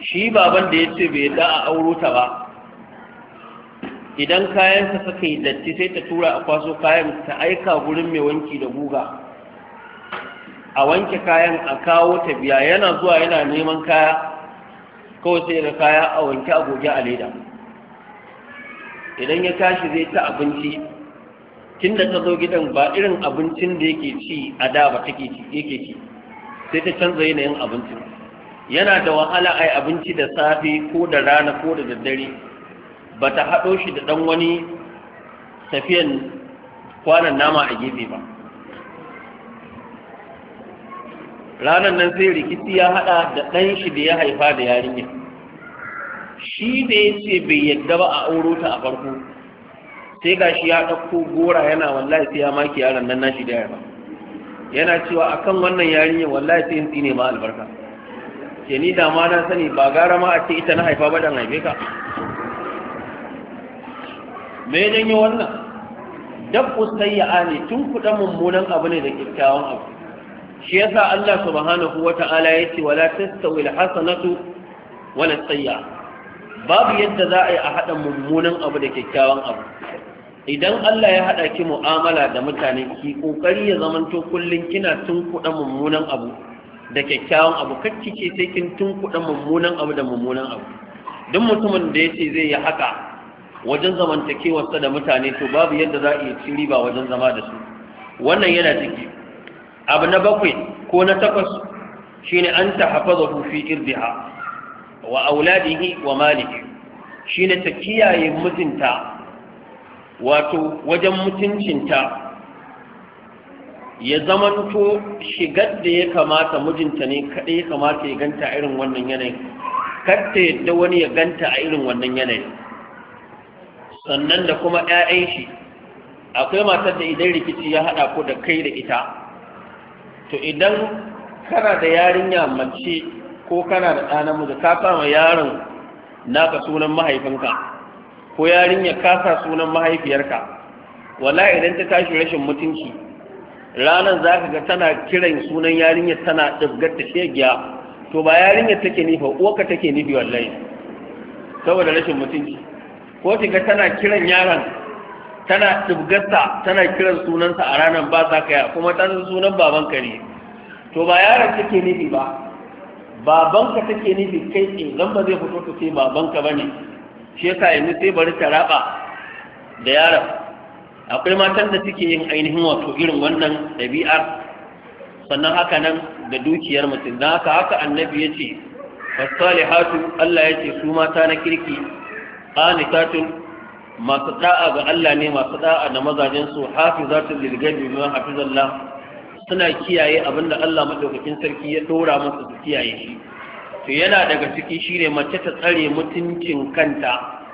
shi baban da ya ce bai da a auro ta ba idan kayansa suka yi datti sai ta tura a kwaso kayan ta aika gurin mai wanki da guga a wanke kayan a kawo ta yana zuwa yana neman kaya kawai sai da kaya a wanke a goge a leda idan ya tashi zai ta abinci tun da ta zo gidan ba irin abincin da yake ci a da ba take ci yake ci sai ta canza yanayin abincin yana da wahala ai abinci da safe ko da rana ko da daddare ba ta haɗo shi da ɗan wani tafiyan kwanan nama a gefe ba ranar nan sai rikici ya haɗa da ɗan shi da ya haifa da yarinya shi da ya ce bai yadda ba a auro ta a farko sai ga shi ya ɗauko gora yana wallahi sai ya maki yaron nan nashi da yaba yana cewa akan wannan yarinya wallahi sai in tsine ma albarka ke ni da ma na sani ba gara ma a ce ita na haifa ba dan haife ka me janyo wannan dabbu sayya'a ne tun kuɗa mummunan abu ne da kyakkyawan abu shi yasa Allah subhanahu wata'ala yace wala tastawi alhasanatu wala sayya babu yadda za a yi a haɗa mummunan abu da kyakkyawan abu idan Allah ya haɗa ki mu'amala da mutane ki kokari ya zamanto kullun kina tun kuɗa mummunan abu da kyakkyawan abu kakki ce sai kin tun kuɗa mummunan abu da mummunan abu duk mutumin da yace zai yi haka wajen zamantakewarsa da mutane to babu yadda za a iya ciri riba wajen zama da su wannan yana ciki abu na bakwai ko na takwas shine an ta zafi fi irdiha wa auladihi wa Maliki. Shi ne ta kiyaye mutunta wato wajen mutuncinta ya zamanto shigar da ya kamata mijinta ne kaɗai ya kamata ya ganta a irin wannan yanayin kar ta yadda wani ya ganta a irin wannan yanayi sannan da kuma 'ya'yan shi akwai matar da idan rikici ya haɗa ko da kai da ita to idan kana da yarinya mace ko kana da ɗa namiji ka sama yaron naka sunan mahaifinka ko yarinya ka sa sunan mahaifiyarka wala idan ta tashi rashin mutunci ranar za ka ga tana kiran sunan yarinya tana ɗabgar ta shegiya to ba yarinya take nufa uwarka take nufi wallahi saboda rashin mutunci ko ki ga tana kiran yaron tana ɗibgarsa tana kiran sunansa a ranar ba sa kaya kuma ta san sunan babanka ne to ba yaron take nufi ba babanka take nufi kai in zan ba zai fito ta ce babanka ba ne shi yasa yanzu sai bari ta raba da yaron akwai matan da suke yin ainihin wato irin wannan ɗabi'ar sannan haka nan da dukiyar mutum don haka haka annabi ya ce fasalihatu Allah ya ce su mata na kirki qanitatun masu da'a ga Allah ne masu da'a da mazajen su hafizatul lil ma hafizallah suna kiyaye abinda Allah madaukakin sarki ya dora musu su kiyaye shi to yana daga ciki shine mace ta tsare mutuncin kanta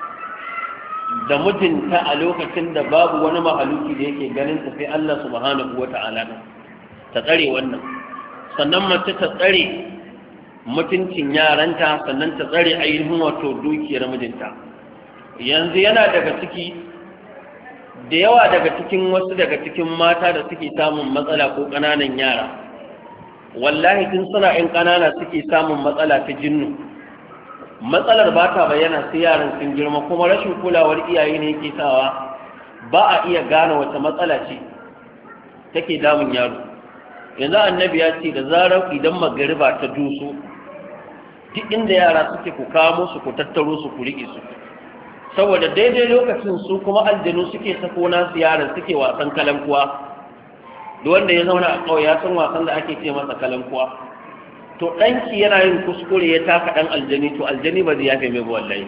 da mutunta a lokacin da babu wani mahaluki da yake ganin ta sai Allah subhanahu wata'ala ta tsare wannan sannan mace ta tsare mutuncin yaranta sannan ta tsare ainihin wato dukiyar mijinta yanzu yana daga ciki da yawa daga cikin wasu daga cikin mata da suke samun matsala ko ƙananan yara wallahi tun suna ‘yan ƙanana suke samun matsala ta jinnu matsalar ba ta bayyana sai yaran sun girma kuma rashin kulawar iyaye ne yake sawa ba a iya gane wata matsala ce take damun yaro yanzu annabi ya ce da zarar idan magariba ta dusu. duk inda yara suke ku kawo su ku tattaro su ku riƙe su saboda daidai lokacin su kuma aljanu suke sako na yaran suke wasan kalankuwa duk wanda ya zauna a ƙauye ya san wasan da ake ce masa kalankuwa to ɗanki yana yin kuskure ya taka ɗan aljani to aljani ba zai yafe mai wallahi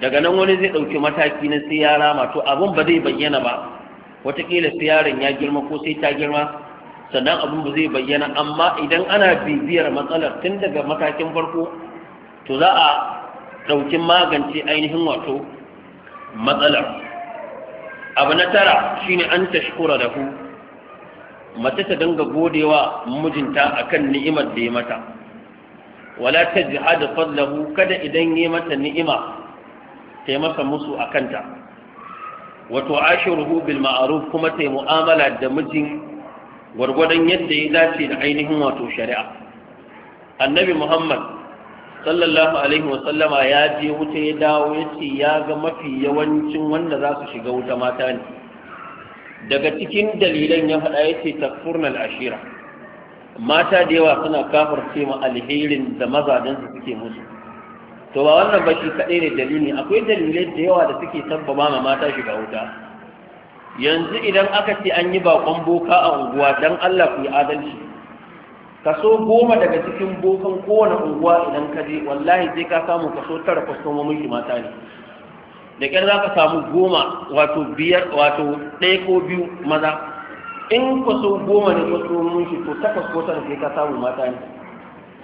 daga nan wani zai ɗauki mataki na sai ya to abin ba zai bayyana ba wataƙila sai yaron ya girma ko sai ta girma sannan abin ba zai bayyana amma idan ana bibiyar matsalar tun daga matakin farko to za a ɗaukin magance ainihin wato matsalar abu na tara shi ne an tashkura da ku mace ta dinga godewa mijinta akan ni'imar da ya mata wala ta tajhad fadlahu kada idan ya mata ni'ima ta yi masa musu a kanta wato ashiruhu bil ma'aruf kuma ta yi mu'amala da mijin gwargwadon yadda ya dace da ainihin wato shari'a annabi muhammad sallallahu alaihi wa sallama, ya je wuta ya dawo ya ce ya ga mafi yawancin wanda za su shiga wuta mata ne daga cikin dalilan ya faɗa ya ce takfurnal ashira mata da yawa suna ce ma alherin da mazajensu suke musu to ba wannan ba shi kaɗai ne dalili akwai dalilai da yawa da suke tabbama ma mata shiga wuta yanzu idan aka ce an yi baƙon boka a unguwa don allah ku yi adalci kaso goma daga cikin bokan kowane unguwa idan ka je wallahi sai ka samu kaso tara kwastomomin shi mata ne da ƙyar za ka samu goma wato biyar wato ɗaya ko biyu maza in kwaso goma ne kwastomomin shi to takwas ko tara sai ka samu mata ne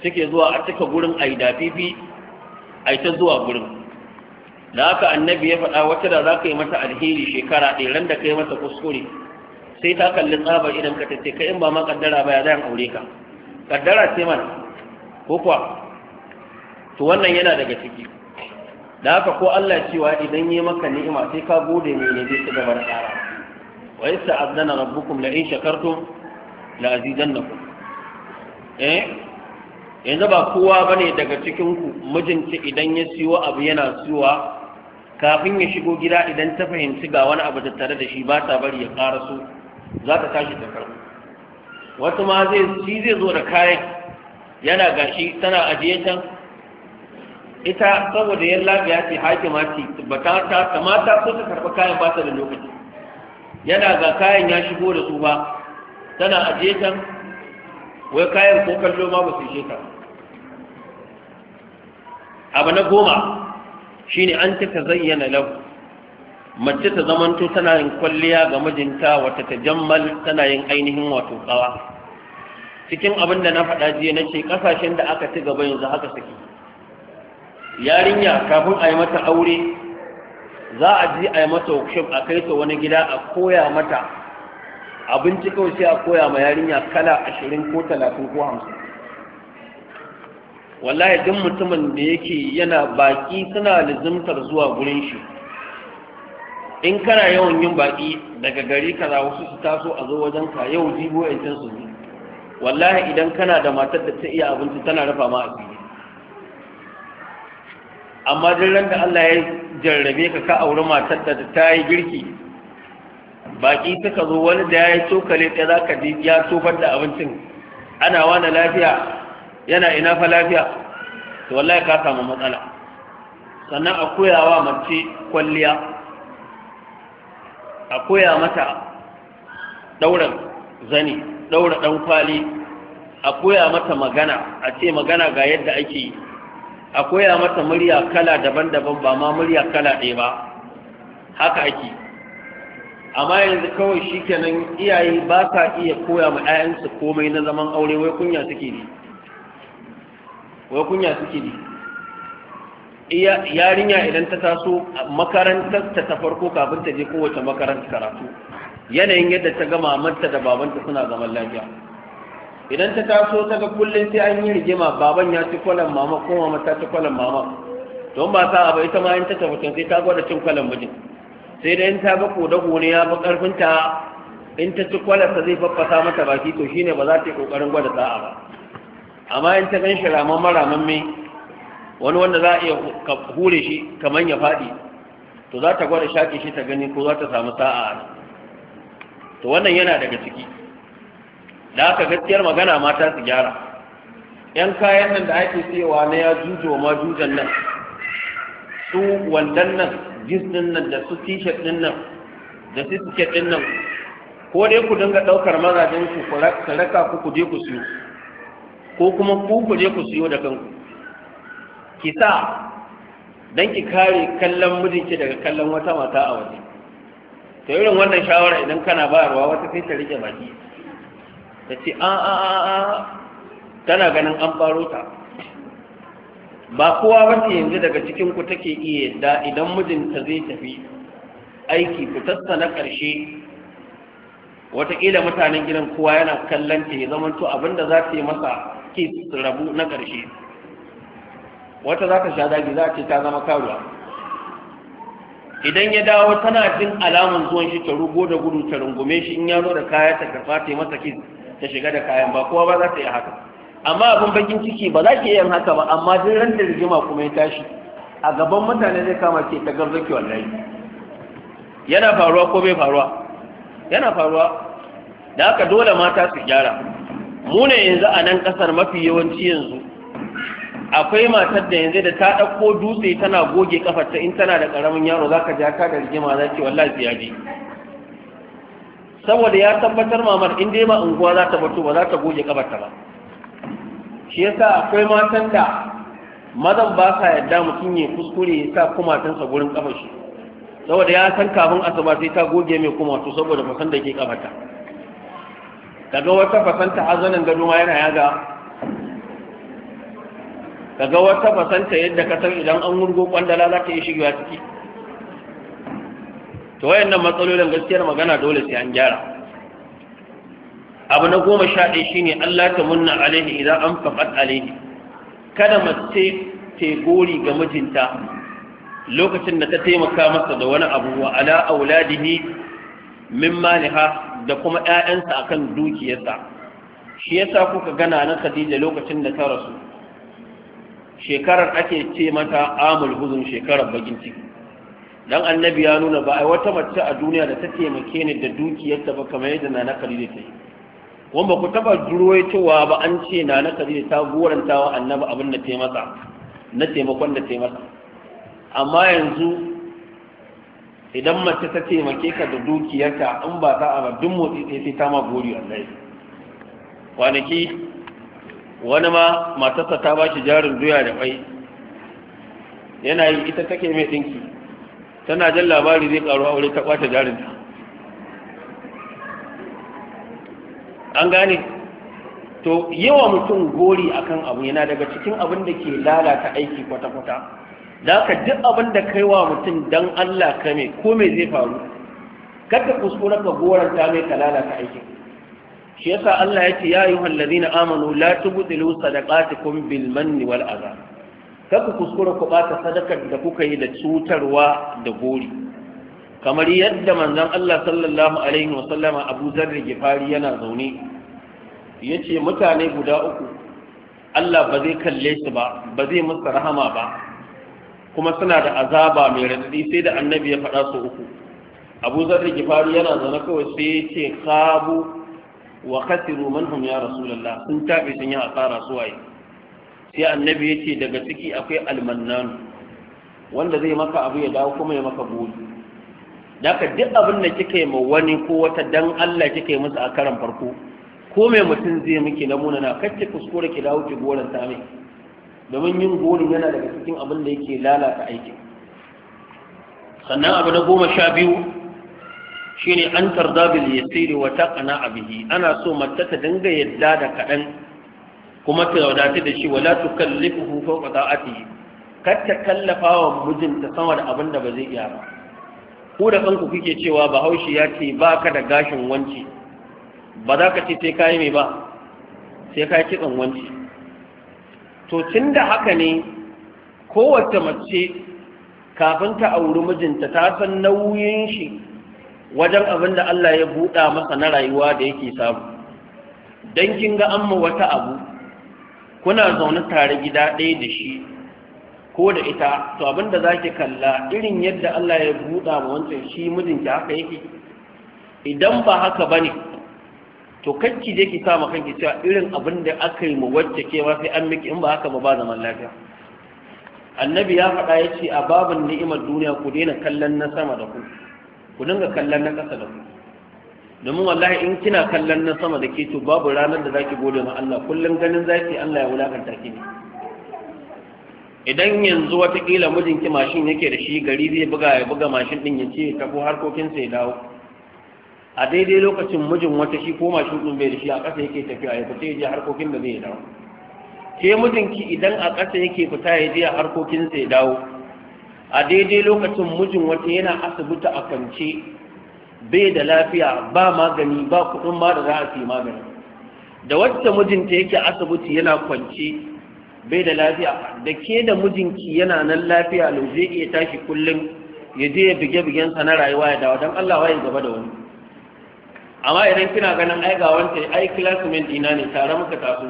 suke zuwa a cika gurin a yi dafifi a yi ta zuwa gurin da haka annabi ya faɗa wata da za ka yi mata alheri shekara ɗeran da ka yi mata kuskure sai ta kalli tsabar idan ka tace ka in ba makaddara ba ya zan aure ka kaddara ce mana ko kuwa to wannan yana daga ciki da haka ko Allah cewa idan yi maka ni'ima sai ka gode mai ne zai ci gaba da tsara wa yasta azana rabbukum la in shakartum la azidannakum eh yanzu ba kowa bane daga cikin ku mijinci idan ya siyo abu yana siyowa kafin ya shigo gida idan ta fahimci ga wani abu da tare da shi ba ta bari ya ƙara su za ta tashi ta karɓi wata ma zai shi zai zo da kayan yana gashi tana ajiye can ita saboda yin lafiya ce ma ce ba ta ta mata so ta karɓi kayan ba ta da lokaci yana ga kayan ya shigo da su ba tana ajiye can wai kayan ko kallo ma ba su ishe ta abu na goma shine an ta zayyana lahu mace ta zamanto tana yin kwalliya ga mijinta wata ta jammal tana yin ainihin wato tsawa cikin abin da na faɗa jiya na ce ƙasashen da aka ci gaba yanzu haka suke yarinya kafin a yi mata aure za a ji a yi mata workshop a kai ta wani gida a koya mata abinci kawai sai a koya ma yarinya kala ashirin ko talatin ko hamsin wallahi duk mutumin da yake yana baki suna lizimtar zuwa gurin shi in kana yawan yin baki daga gari kaza wasu su taso a zo wajen ka yau jibo yancin su ne wallahi idan kana da matar da ta iya abinci tana rafa ma asiri amma duk ran da Allah ya jarrabe ka ka auri matar da ta yi girki baki suka zo wani da ya yi cokale ɗaya za ka ya tofar da abincin ana wani lafiya yana ina fa lafiya to wallahi ka samu matsala sannan a koyawa mace kwalliya a koya mata ɗaurin zani ɗaura ɗan kwali a koya mata magana a ce magana ga yadda ake yi a koya mata murya kala daban-daban ba ma murya kala ɗaya ba haka ake amma yanzu kawai shikenan iyaye ba sa iya koya ma 'ya'yansu komai na zaman aure wai kunya suke ne wai kunya suke ne yarinya idan ta taso makarantar ta ta farko kafin ta je kowace makarantar karatu yanayin yadda ta gama manta da babanta suna zaman lafiya idan ta taso ta ga kullum sai an yi rigima baban ya ci kwalan mama ko mama ta ci kwalan mama don ba sa abu ita ma in ta tafi sai ta gwada cin kwalan mijin sai da in ta ga kodago ne ya fi karfin ta in ta ci ta zai faffasa mata baki to shine ba za ta yi kokarin gwada sa'a ba amma in ta gan shi ramamme ramamme wani wanda za a iya hure shi kamar ya faɗi to za ta gwada shaƙe shi ta gani ko za ta samu sa'a a to wannan yana daga ciki da aka gaskiyar magana mata su gyara yan kayan nan da ake sayawa na ya jujo ma jujan nan su wandan nan jins ɗin nan da su t-shirt din nan da su ɗin nan ko dai ku dinga ɗaukar mazajen ku ku raka ku ku je ku siyo ko kuma ku ku je ku siyo da kanku ki sa don ki kare kallon mijinki daga kallon wata mata a waje ta irin wannan shawara idan kana bayarwa wata sai ta rike baki ta ce a a a a tana ganin an faro ta ba kowa ba ce yanzu daga cikin ku take iya yadda idan mijinta zai tafi aiki ku fitarsa na ƙarshe wataƙila mutanen gidan kowa yana kallon ta ya zama to abinda za ta yi masa kis rabu na ƙarshe wata za ka sha zagi za a ce ta zama karuwa idan ya dawo tana jin alamun zuwan shi ta rugo da gudu ta rungume shi in ya zo da kaya ta karfa ta yi masa ta shiga da kayan ba kowa ba za ta yi haka amma abin bakin ciki ba za ki yi haka ba amma duk ran da rigima kuma ya tashi a gaban mutane zai kama ke ta garzaki wallahi yana faruwa ko bai faruwa yana faruwa da haka dole mata su gyara mu ne yanzu a nan kasar mafi yawanci yanzu akwai matar da yanzu da ta ɗauko dutse tana goge kafarta in tana da ƙaramin yaro za ka ja ka da rigima za ki wallahi biya je saboda ya tabbatar mamar in dai ma unguwa za ta fito ba za ta goge kafarta ba shi yasa akwai matan da mazan ba sa yadda mutum ya kuskure ya sa kumatansa gurin kafar shi saboda ya san kafin asuba sai ta goge mai kumatu saboda fasan da ke kafarta daga wata fasanta azanin gado ma yana yaga kaga wata basanta yadda ka san idan an wurgo kwandala za ta yi shigewa ciki to wayannan matsalolin gaskiyar magana dole sai an gyara abu na goma sha ɗaya shi ne Allah ta munna alaihi idan an faƙat alaihi kada mace ta gori ga mijinta lokacin da ta taimaka masa da wani abu wa ala auladihi min maliha da kuma ƴaƴansa akan dukiyarsa shi yasa kuka gana na Khadija lokacin da ta rasu shekarar ake ce mata amul huzun shekarar bakin ciki dan annabi ya nuna ba ai wata mace a duniya da ta taimake ni da dukiyarta ba kamar yadda nana khadija ta yi ba ku taba cewa ba an ce na na ta goranta wa annabi abin da ta masa na taimakon da ta masa amma yanzu idan mace ta taimake ka da dukiyarta in ba ta a duk motsi sai ta ma gori wallahi kwanaki wani ma matarsa ta ba shi jarin doya da kwai yana yi ita take mai ɗinki tana jan labari zai ƙaru aure ta ƙwace jarinta an gane to yawa mutum gori akan abu yana daga cikin abin da ke lalata aiki kwata-kwata da ka duk abin da kai wa mutum don allah ka mai ko mai zai faru kada kuskura ka goranta mai ka lalata aiki shi yasa Allah yake ya yi wallazina amanu la tubtilu sadaqatikum bil manni wal adha kaka kuskura ku bata sadakar da kuka yi da cutarwa da gori kamar yadda manzon Allah sallallahu alaihi wa sallama Abu Dharr Gifari yana zaune yace mutane guda uku Allah ba zai kalle su ba ba zai musu rahama ba kuma suna da azaba mai radadi sai da annabi ya faɗa su uku Abu Dharr Gifari yana zaune kawai sai ce qabu wa khasiru manhum ya rasulullah sun tabe sun yi asara waye sai annabi yace daga ciki akwai almannan wanda zai maka abu ya dawo kuma ya maka buli daka duk abin da kika yi ma wani ko wata dan Allah kika yi musu a karan farko ko mai mutum zai miki na kace kacce kuskure ki dawo ki goran ta mai domin yin gori yana daga cikin abin da yake lalata aikin sannan abu na goma sha biyu shine an tarda bil yasiri wa taqna bihi ana so mace ta dinga yadda da kaɗan kuma ta wadata da shi wala tukallifuhu fawqa ta'atihi kar ta kallafa wa mijinta sama da abin da ba zai iya ba ko da kanku kuke cewa haushi ya ce ba ka da gashin wanci ba za ka ce sai kayi mai ba sai kayi kitsan wanci to tun da haka ne kowace mace kafin ta auri mijinta ta san nauyin shi wajen abin da Allah ya buɗa masa na rayuwa da yake samu don kin ga amma wata abu kuna zaune tare gida ɗaya da shi ko da ita to abin da zaki kalla irin yadda Allah ya buɗa ma wancan shi mijin ki haka yake idan ba haka ba ne, to kanki je ki sa kanki cewa irin abin da aka yi mu wacce ke ma sai an miki in ba haka ba ba zaman lafiya annabi ya faɗa ya ce a babin ni'imar duniya ku daina kallon na sama da ku ku dinga kallon na ƙasa da ku domin wallahi in kina kallon na sama da ke to babu ranar da zaki gode ma Allah kullum ganin zaki Allah ya wulakanta ki idan yanzu watakila mijinki mashin yake da shi gari zai buga ya buga mashin din ya ce ko harkokinsa ya dawo a daidai lokacin mijin wata shi ko mashin din bai da shi a ƙasa yake tafiya ya fita ya je harkokin da zai dawo ke mijinki idan a ƙasa yake fita ya je harkokinsa ya dawo a daidai lokacin mijin wata yana asibiti a kwance bai da lafiya ba magani ba kudin ma da za a yi magani da wacce mijinta yake asibiti yana kwance bai da lafiya da ke da mijinki yana nan lafiya lau zai iya tashi kullum ya je ya bige bigensa na rayuwa ya dawo don Allah ya gaba da wani amma idan kina ganin ai ga wanta ai classmate ina ne tare muka taso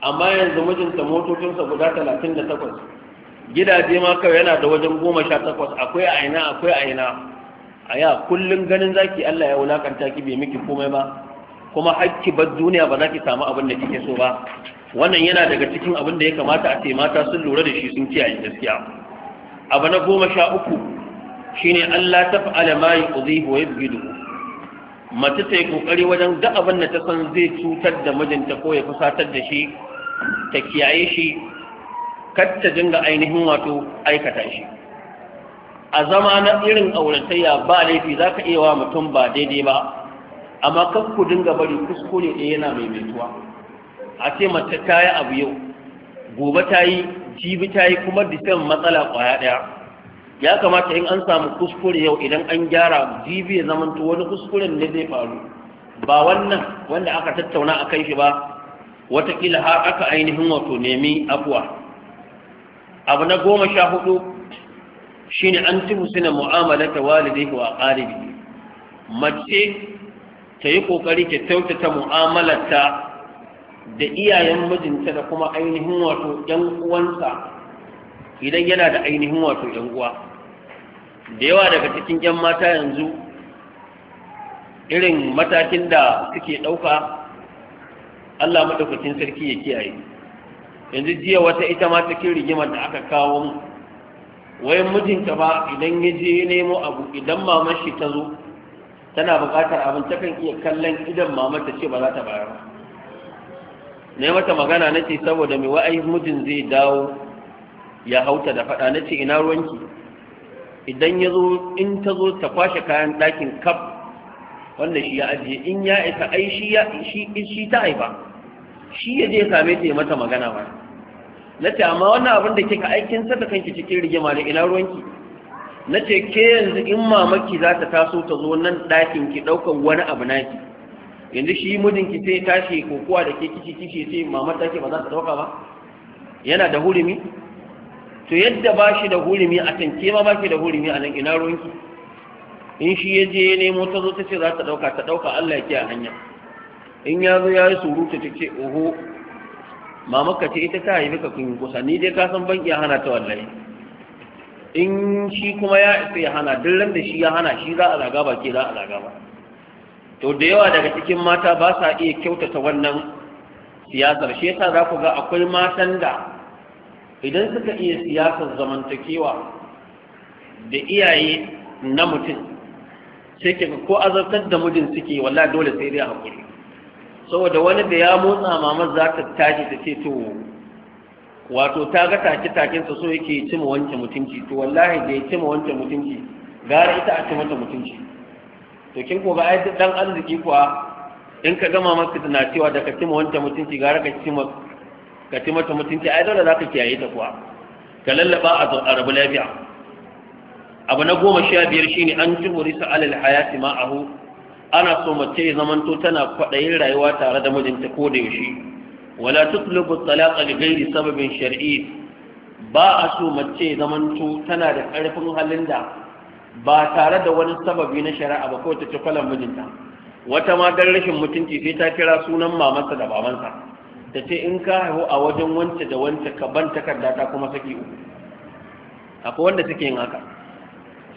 amma yanzu mijinta motocinsa guda talatin da takwas gidaje ma kawai yana da wajen goma sha takwas akwai aina akwai aina a ya kullum ganin zaki Allah ya wulakanta ki bai miki komai ba kuma hakki bar duniya ba za ki samu abin da kike so ba wannan yana daga cikin abin da ya kamata a ce mata sun lura da shi sun kiyaye gaskiya abu na goma sha uku shine Allah ta fa'ala ma ya wa yubghidu mace ta yi kokari wajen duk abin da ta san zai cutar da mijinta ko ya fusatar da shi ta kiyaye shi kacce dinga ainihin wato aikata shi a zama na irin auratayya ba laifi za ka iya wa mutum ba daidai ba amma kan ku dinga bari kuskure ɗaya yana maimaituwa a ce mace ta yi abu yau gobe ta yi jibi ta yi kuma disan matsala ƙwaya ɗaya ya kamata in an samu kuskure yau idan an gyara jibi ya zamanto wani kuskuren ne zai faru ba wannan wanda aka tattauna a kai shi ba Wataƙila har aka ainihin wato nemi afuwa abu na goma sha hudu shi ne an tuhsina mu'amalata walidayhi wa aqaribihi mace ta yi ƙoƙari ta kyautata mu'amalarta da iyayen mijinta da kuma ainihin wato yan uwansa idan yana da ainihin wato yan uwa da yawa daga cikin yan mata yanzu irin matakin da suke ɗauka Allah maɗaukacin sarki ya kiyaye yanzu jiya wata ita ma ta cikin rigimar da aka kawo mu wayan mijinka ba idan ya je nemo abu idan mamar shi ta zo tana buƙatar abin ta kan iya kallon idan mamar ta ce ba za ta bayar ba ne mata magana na ce saboda mai wa'ai mijin zai dawo ya hauta da faɗa na ce ina ruwanki idan ya zo in ta zo ta kwashe kayan ɗakin kaf wanda shi ya ajiye in ya isa ai shi ta haifa shi ya je same ta yi mata magana ba na ce amma wannan abin da kika aikin saka kanki cikin rigima da ina ruwanki na ce ke yanzu in mamaki za ta taso ta zo nan ɗakin ki ɗaukar wani abu naki yanzu shi mijinki sai tashi kokowa da ke kici kici sai mamar take ba za ta ɗauka ba yana da hurumi to yadda ba shi da hurumi a can ke ma ba ki da hurumi a nan ina ruwanki in shi ya je ya nemo ta zo ta ce za ta ɗauka ta ɗauka Allah ya ke a hanya in ya zo ya yi surutu ta ce oho mamaka ce ita ta haifi ka kun kusa ni dai ka san banki ya hana ta wallahi in shi kuma ya isa ya hana duk da shi ya hana shi za a zaga ba ke za a zaga ba to da yawa daga cikin mata ba sa iya kyautata wannan siyasar shi yasa za ku ga akwai matan da idan suka iya siyasar zamantakewa da iyaye na mutum sai ke ko azabtar da mijin suke wallahi dole sai dai hakuri saboda wani da ya motsa mamar za ta tashi ta ce to wato ta ga take taken sa so yake cima wanke mutunci to wallahi da ya cima wanke mutunci gara ita a cima ta mutunci to kin ko ba ai dan arziki kuwa in ka gama maka tana cewa da ka cima wanke mutunci gara ka cima ka cima ta mutunci ai dole za ka kiyaye ta kuwa ka lallaba a rabu lafiya abu na goma sha biyar shine an jumuri sa alal hayati ma'ahu ana so mace ya zamanto tana kwaɗayin rayuwa tare da mijinta ko da yaushe wala tutlubu talaqa li ghairi sababin shar'i ba a so mace ya zamanto tana da ƙarfin halin da ba tare da wani sababi na shari'a ba ko ta ci kwalan mijinta wata ma dan rashin mutunci sai ta kira sunan mamansa da babansa ta ce in ka haihu a wajen wance da wance ka ban takarda ta kuma saki uku akwai wanda take yin haka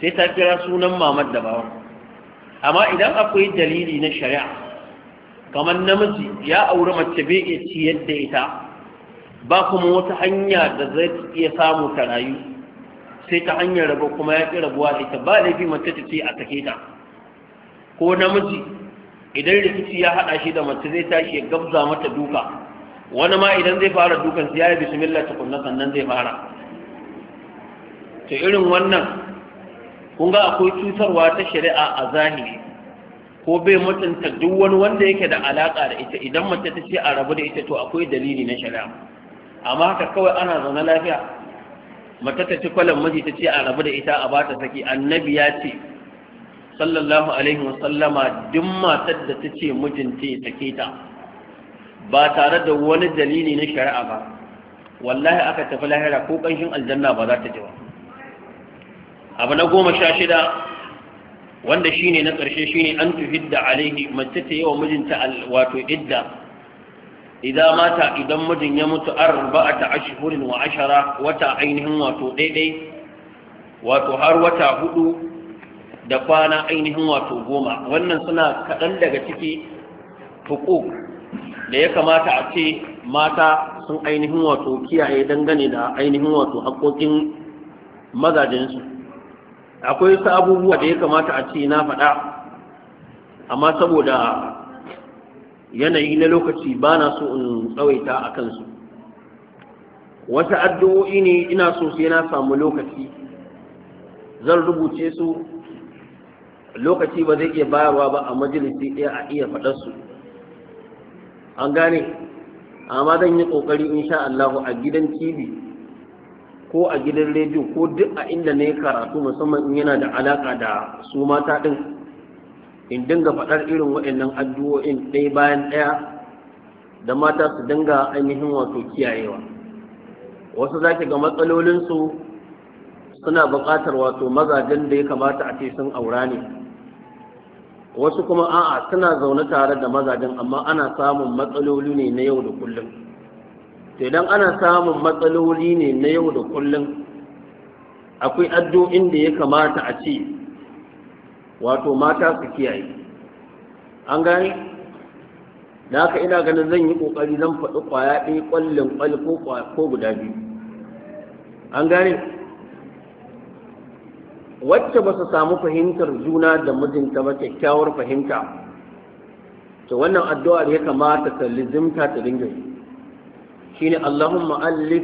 sai ta kira sunan mamar da babansa amma idan akwai dalili na shari'a kamar namiji ya auri mace bai iya ciyar da ita ba kuma wata hanya da zai iya samu ta rayu sai ta hanyar rabo kuma ya ƙi rabuwa da ita ba laifi mace ta ce a take ta ko namiji idan rikici ya haɗa shi da mace zai tashi ya gabza mata duka wani ma idan zai fara dukan ya yi ta kunna sannan zai fara to irin wannan kun ga akwai cutarwa ta shari'a a zahiri ko bai mutunta duk wani wanda yake da alaka da ita idan mace ta ce a rabu da ita to akwai dalili na shari'a amma haka kawai ana zaune lafiya mace ta ci kwalan miji ta ce a rabu da ita a bata saki annabi ya ce sallallahu alaihi wa sallama, duk matar da ta ce mijinta ya take ta ba tare da wani dalili na shari'a ba wallahi aka tafi lahira ko kanshin aljanna ba za ta ji ba abu na goma sha shida wanda shine na ƙarshe shine an tuhidda alaihi mace ta yi wa mijinta wato idda idan mata idan mijin ya mutu arba'ata ashhurin wa ashara wata ainihin wato ɗaiɗai, wato har wata hudu da kwana ainihin wato goma wannan suna kaɗan daga ciki hukuk da ya kamata a ce mata sun ainihin wato kiyaye dangane da ainihin wato haƙoƙin mazajensu akwai wasu abubuwa da ya kamata a ce na faɗa amma saboda yanayi na lokaci ba na so in tsawaita a kansu wasu addu'o'i ne ina so sai na samu lokaci zan rubuce su lokaci ba zai iya bayarwa ba a majalisi ɗaya a iya faɗarsu an gane amma zan yi ƙoƙari insha Allahu a gidan tv ko a gidan rediyo ko duk a inda na yi karatu musamman in yana da alaka da su mata ɗin in dinga faɗar irin waɗannan addu'o'in ɗaya bayan ɗaya da mata su dinga ainihin wato kiyayewa wasu za ga matsalolinsu suna buƙatar wato mazajen da ya kamata a ce sun aura ne wasu kuma a'a suna zaune tare da mazajen amma ana samun matsaloli ne na yau da kullum to idan ana samun matsaloli ne na yau da kullum akwai addu'in da ya kamata a ce wato mata su kiyaye an gani da haka ina ganin zan yi ƙoƙari zan faɗi ƙwaya ɗaya ƙwallon ƙwalli ko guda biyu an gane wacce ba su samu fahimtar juna da mijinta ba kyakkyawar fahimta to wannan addu'ar ya kamata ta lizimta ta dinga yi shine Allahumma allif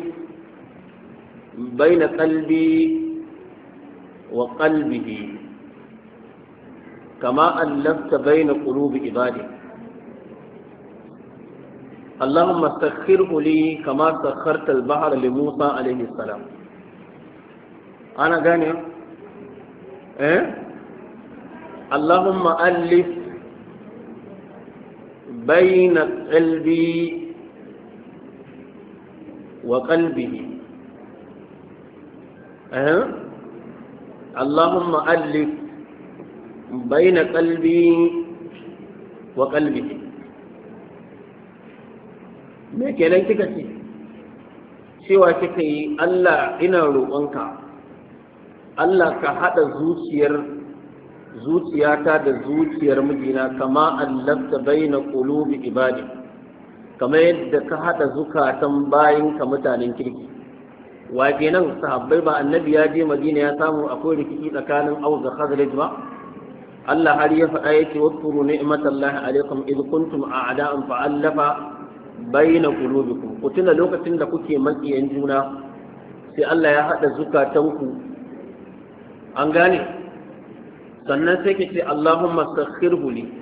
baina qalbi wa qalbihi kama allafta baina qulubi ibadi li kama sakharta al-bahra li Musa ana eh baina wa qalbihi أه. اللهم ألف بين قلبي وقلبه me kenan kika ce cewa kika yi Allah ina roƙonka Allah ka haɗa zuciyar zuciyata da zuciyar mijina kama allafta baina qulubi ibadi kamar yadda ka haɗa zukatan bayan ka mutanen kirki wa kenan sahabbai ba annabi ya je madina ya samu akwai rikici tsakanin auza da khazraj ba Allah har ya faɗa yake wasfuru ni'matallahi alaikum id kuntum a'da'an allafa baina qulubikum ku tuna lokacin da kuke matsiyan juna sai Allah ya haɗa zukatanku an gane sannan sai ke ce Allahumma sakhirhu li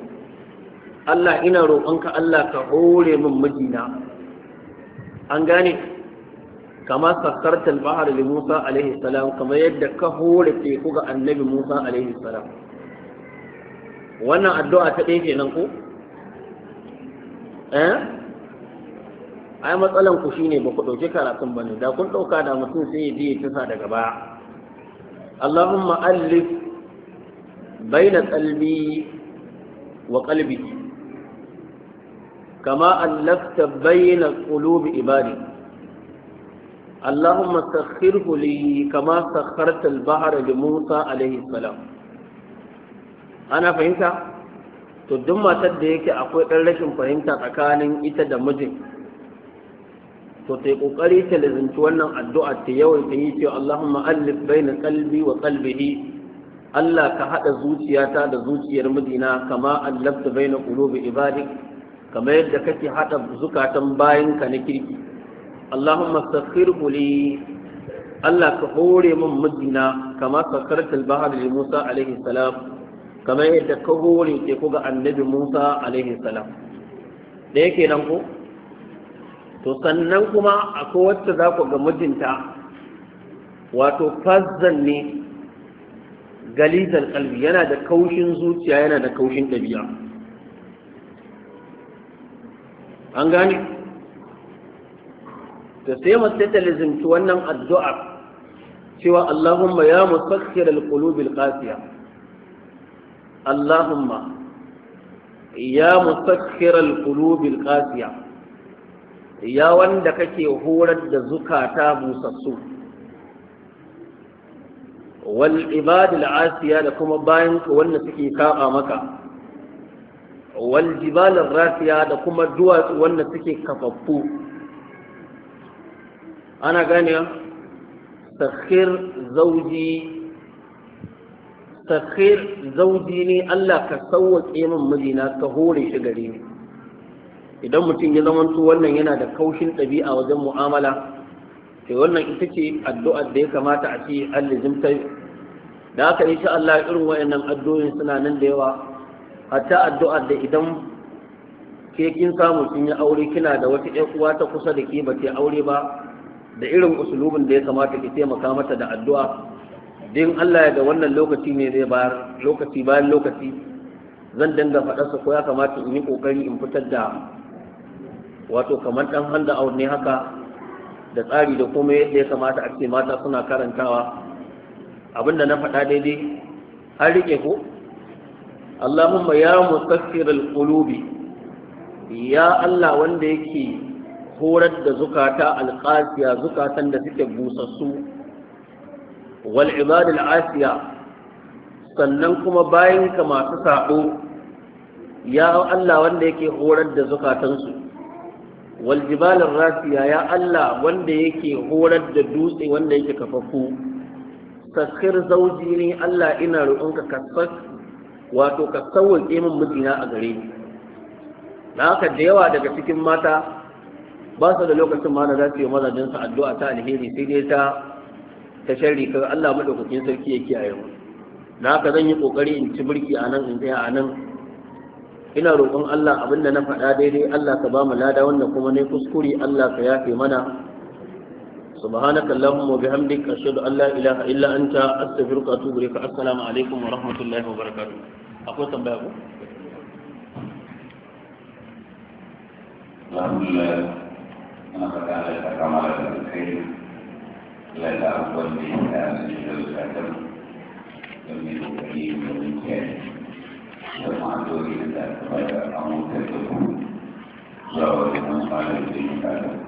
Allah ina roƙonka Allah ka hore min mijina an gane kama sakkartar bahar da Musa alaihi salam kamar yadda ka hore teku ga annabi Musa alaihi salam wannan addu'a ta ɗaya kenan ko eh ai matsalan ku shine ba ku ɗauki karatun bane da kun ɗauka da mutum sai ya je ya tasa daga baya Allahumma allif baina qalbi wa qalbi كما ألفت بين قلوب عبادي اللهم سخره لي كما سخرت البحر لموسى عليه السلام أنا فهمت to duk matar da yake akwai ɗan rashin fahimta tsakanin ita da mijin to ta yi ƙoƙari ta lizinci wannan addu'a ta yawan ta yi cewa Allahumma allif na kalbi wa kalbihi. Allah ka haɗa zuciyata da zuciyar mijina kama allafta na qulubi ibadik kamar yadda kake hada zukatan bayan ka na kirki Allahumma sakhir li Allah ka hore min mijina kama sakarta al-bahr li Musa alaihi salam kamar yadda ka hore teku ga annabi Musa alaihi salam da yake nan ko to sannan kuma akwai wacce za ku ga mijinta wato fazzan ne galizan kalbi yana da kaushin zuciya yana da kaushin ɗabi'a an gane Ta sai masaita ci wannan addu'ar. cewa Allahumma ya musakhkhir al-qulub qasiya Allahumma ya musakhkhir al-qulub qasiya ya wanda kake horar da zukata busassu wal ibadil asiya da kuma bayan wanda suke kaba maka wal rafiya da kuma duwatsu wanda suke kafaffu ana gane sakhir zauji sakhir zauji ne Allah ka sauwaƙe min mijina ka hore shi gare ni idan mutum ya zamanta wannan yana da kaushin ɗabi'a wajen mu'amala sai wannan ita ce addu'ar da ya kamata a ce allizimta da aka insha Allah irin wayannan addu'o'in suna nan da yawa hatta addu'a da idan ke kin samu kin yi aure kina da wata ƴan uwa ta kusa da ke bace aure ba da irin usulubin da ya kamata ki taimaka mata da addu'a din Allah ya ga wannan lokaci ne zai bayar lokaci bayan lokaci zan danga faɗarsa ko ya kamata in yi ƙoƙari in fitar da wato kamar ɗan handa a ne haka da tsari da kuma yadda ya kamata a ce mata suna karantawa abinda na faɗa daidai an riƙe ko Allahumma ya musaffir al-qulubi ya Allah wanda yake horar da zukata alqasiya zukatan da suke busassu wal ibad al-asiya sannan kuma bayan ka masu sabo ya Allah wanda yake horar da zukatansu wal jibal rasiya ya Allah wanda yake horar da dutse wanda yake kafafu taskir zauji ne Allah ina roƙonka ka wato ka sauwake min mijina a gare ni na haka da yawa daga cikin mata ba su da lokacin ma da za su yi mazajen su addu'a ta alheri sai dai ta ta sharri Allah madaukakin sarki ya kiyaye mu na haka zan yi kokari in ci birki a nan in tsaya a nan ina roƙon Allah abinda na faɗa daidai Allah ka ba mu lada wannan kuma ne kuskure Allah ka yafe mana سبحانك اللهم وبحمدك أشهد أن لا إله إلا أنت أستغفرك وأتوب إليك السلام عليكم ورحمة الله وبركاته أقول تنبيه الحمد لله نفتح على الكاميرا لا تعبد به الا الله الخاتم يمين كريم يمين كريم يرفع دوري لله فلا تعبد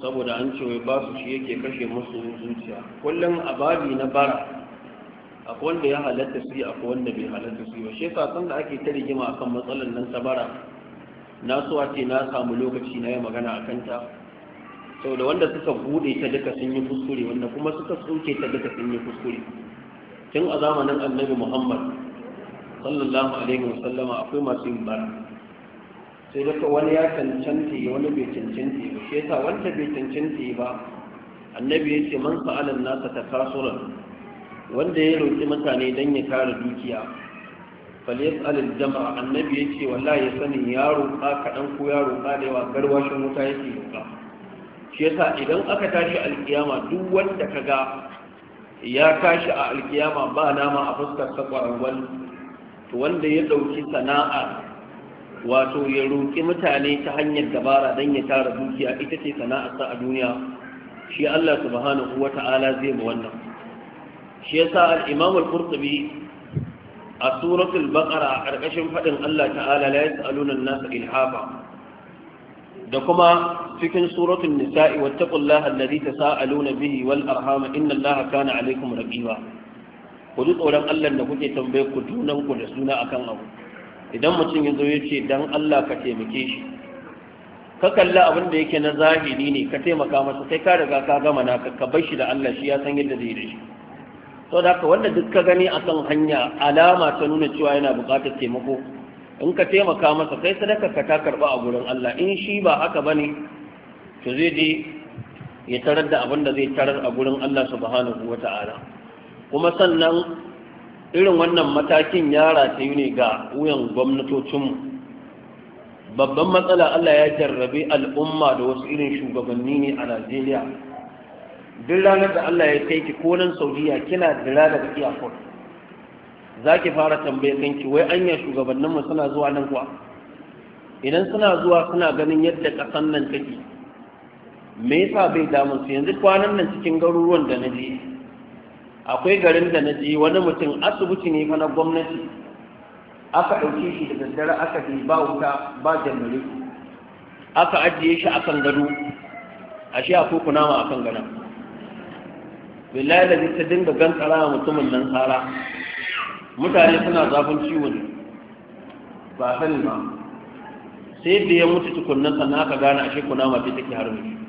saboda an ce wai ba su shi yake kashe musu zuciya kullum a babi na bara akwai wanda ya halatta su akwai wanda bai halatta su ba shi yasa da ake ta rigima akan matsalar nan ta bara na so ce na samu lokaci na yi magana a kanta saboda wanda suka bude ta duka sun yi kuskure wanda kuma suka tsoke ta duka sun yi kuskure tun a zamanin annabi muhammad sallallahu alaihi wasallama akwai masu yin bara sai daga wani ya cancanta yi wani bai cancanta ba shi yasa wanda bai cancanta ba annabi ya ce man sa'alan nasa ta kasura wanda ya roƙi mutane don ya kare dukiya faliyas alil jama'a annabi ya ce wallahi ya sani ya roƙa kaɗan ko ya roƙa da yawa garwashin wuta yake roƙa shi yasa idan aka tashi alƙiyama duk wanda ka ga ya tashi a alƙiyama ba nama a fuskar sa to wanda ya ɗauki sana'a wato ya roƙi mutane ta hanyar dabara don ya tara dukiya ita ce sana'arsa a duniya shi Allah subhanahu wa ta'ala zai ba wannan shi yasa al-Imam al-Qurtubi a suratul baqara a ƙarƙashin faɗin Allah ta'ala la yas'aluna an-nasa ilhafa da kuma cikin suratul nisa'i wattaqullaha alladhi tasaaluna bihi wal arham inna kana alaykum raqiba ku ji tsoron Allah da kuke tambaye ku junan ku da suna akan abu idan mutum ya zo ya ce dan Allah ka taimake shi ka kalli abin da yake na zahiri ne ka taimaka masa sai ka riga ka gama na ka bar shi da Allah shi ya san yadda zai da shi sau da haka wanda duk ka gani a kan hanya alama ta nuna cewa yana buƙatar taimako in ka taimaka masa kai sadaka ka ta karɓa a gurin Allah in shi ba haka ba ne to zai je ya tarar da abin da zai tarar a gurin Allah subhanahu wa ta'ala kuma sannan irin wannan matakin ya ta yi ne ga wuyan gwamnatocinmu babban matsala allah ya jarrabe al'umma da wasu irin shugabanni ne a najeriya duk ranar da allah ya kai ki konan saudiya kina dira daga iyakon za ki fara tambaye kanki wai anya shugabanninmu suna zuwa nan kuwa idan suna zuwa suna ganin yadda kasan nan take me yasa bai damu su yanzu kwanan nan cikin garuruwan da na je akwai garin da na je wani mutum asibiti ne fa na gwamnati aka ɗauke shi da daddare aka je ba wuta ba jami'ai aka ajiye shi a kan gado a shi a kokuna ma a kan gado billahi da ta dinga gantsara wa mutumin nan tsara mutane suna zafin ciwo ne ba sani ba sai da ya mutu tukunnan sannan aka gane a shi kuna ma take harbe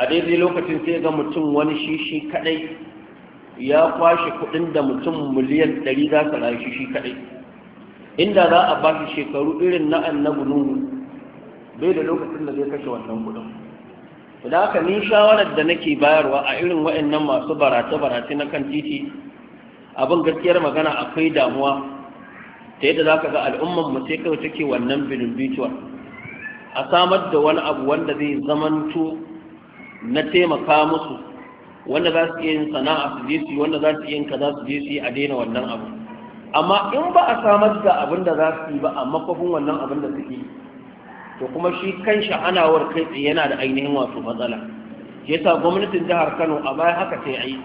a daidai lokacin sai ga mutum wani shishi kadai ya kwashe kudin da mutum miliyan 100 za su rayu shishi kadai inda za a ba shekaru irin na annabu nuhu bai da lokacin da zai kashe wannan kudin da haka ni shawarar da nake bayarwa a irin nan masu barace-barace na kan titi abin gaskiyar magana akwai damuwa ta yadda za ka ga al'umman mu sai kawai take wannan bituwa. a samar da wani abu wanda zai zamanto na taimaka musu wanda za su iya yin sana'a su je su wanda za su iya yin kaza su je su a daina wannan abu amma in ba a samar da abin da za su yi ba a makwafin wannan abin da suke yi to kuma shi kan sha'anawar kai tsaye yana da ainihin wato matsala yasa gwamnatin jihar Kano a baya haka sai ai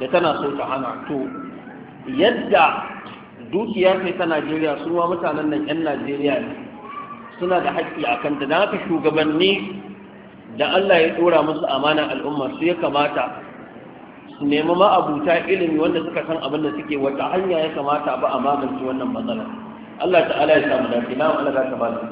da tana so ta hana to yadda dukiya kai ta Najeriya su ma mutanen nan 'yan Najeriya ne suna da haƙƙi akan kanta da haka shugabanni da Allah ya dora musu amana al'umma su ya kamata su nemi ma'abuta ilimi wanda suka san abin da suke wata hanya ya kamata ba a magance wannan matsalar Allah ta'ala ya samu dace na Allah za ta ba su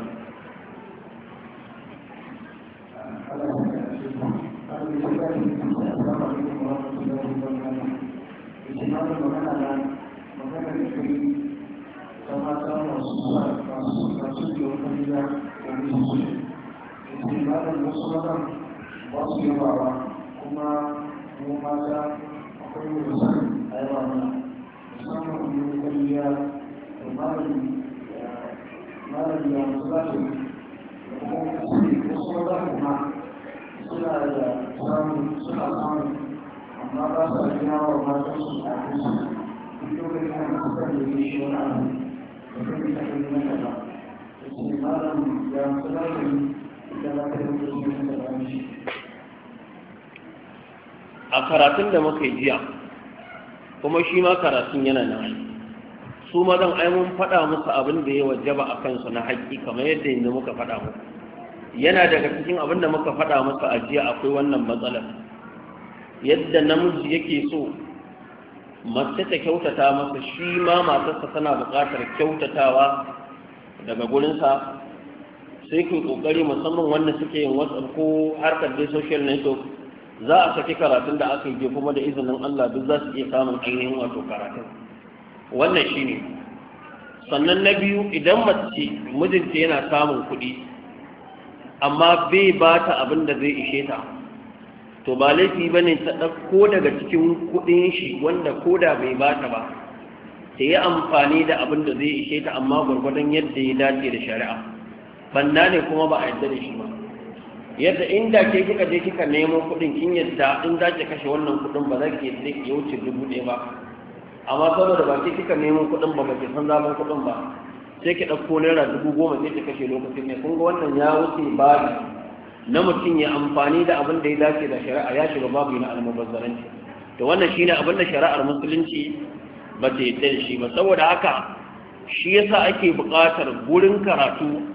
Thank you. limanin wasu mazan ba su yi ba kuma mu mata akwai wani san a yaba mana musamman mu kwalliya da malami malami da wasu zafi da kuma wasu mazan kuma suna da samun suna samun amma ba sa gina wa matan su a kusa duk lokacin da suka nemi shi wani abu da kuma ita kan yi na gaba da ke malam ya fi a karatun da muka jiya kuma shi ma karatun yana wani, su mazan ai mun faɗa musu abin da ya wajaba a kansu na haƙƙi kamar yadda yanzu muka faɗa musu yana daga cikin abin da muka faɗa musu a jiya akwai wannan matsalar yadda namiji yake so mace ta kyautata masa shi ma matarsa tana buƙatar kyautatawa daga gurinsa sai ku kokari musamman wanda suke yin WhatsApp ko harkar dai social network za a saki karatun da aka yi kuma da izinin Allah duk za su iya samun ainihin wato karatun wannan shine sannan na biyu idan mace mijinta yana samun kuɗi amma bai ba ta abin da zai ishe ta to ba laifi ba ta ɗauko daga cikin kuɗin shi wanda koda bai ba ta ba ta yi amfani da abin da zai ishe ta amma gwargwadon yadda ya dace da shari'a banna ne kuma ba a yadda da shi ba yadda inda ke kika je kika nemo kuɗin kin yadda in za ki kashe wannan kuɗin ba za ki yadda ki wuce dubu ɗaya ba amma saboda ba ke kika nemo kuɗin ba ba ke san zaben kuɗin ba sai ki ɗauko naira dubu goma sai ki kashe lokacin ne kun ga wannan ya wuce ba na mutum ya amfani da abin da ya dace da shari'a ya shiga babu na almubazzaranci to wannan shine abin da shari'ar musulunci ba ta yadda da shi ba saboda haka shi yasa ake buƙatar gurin karatu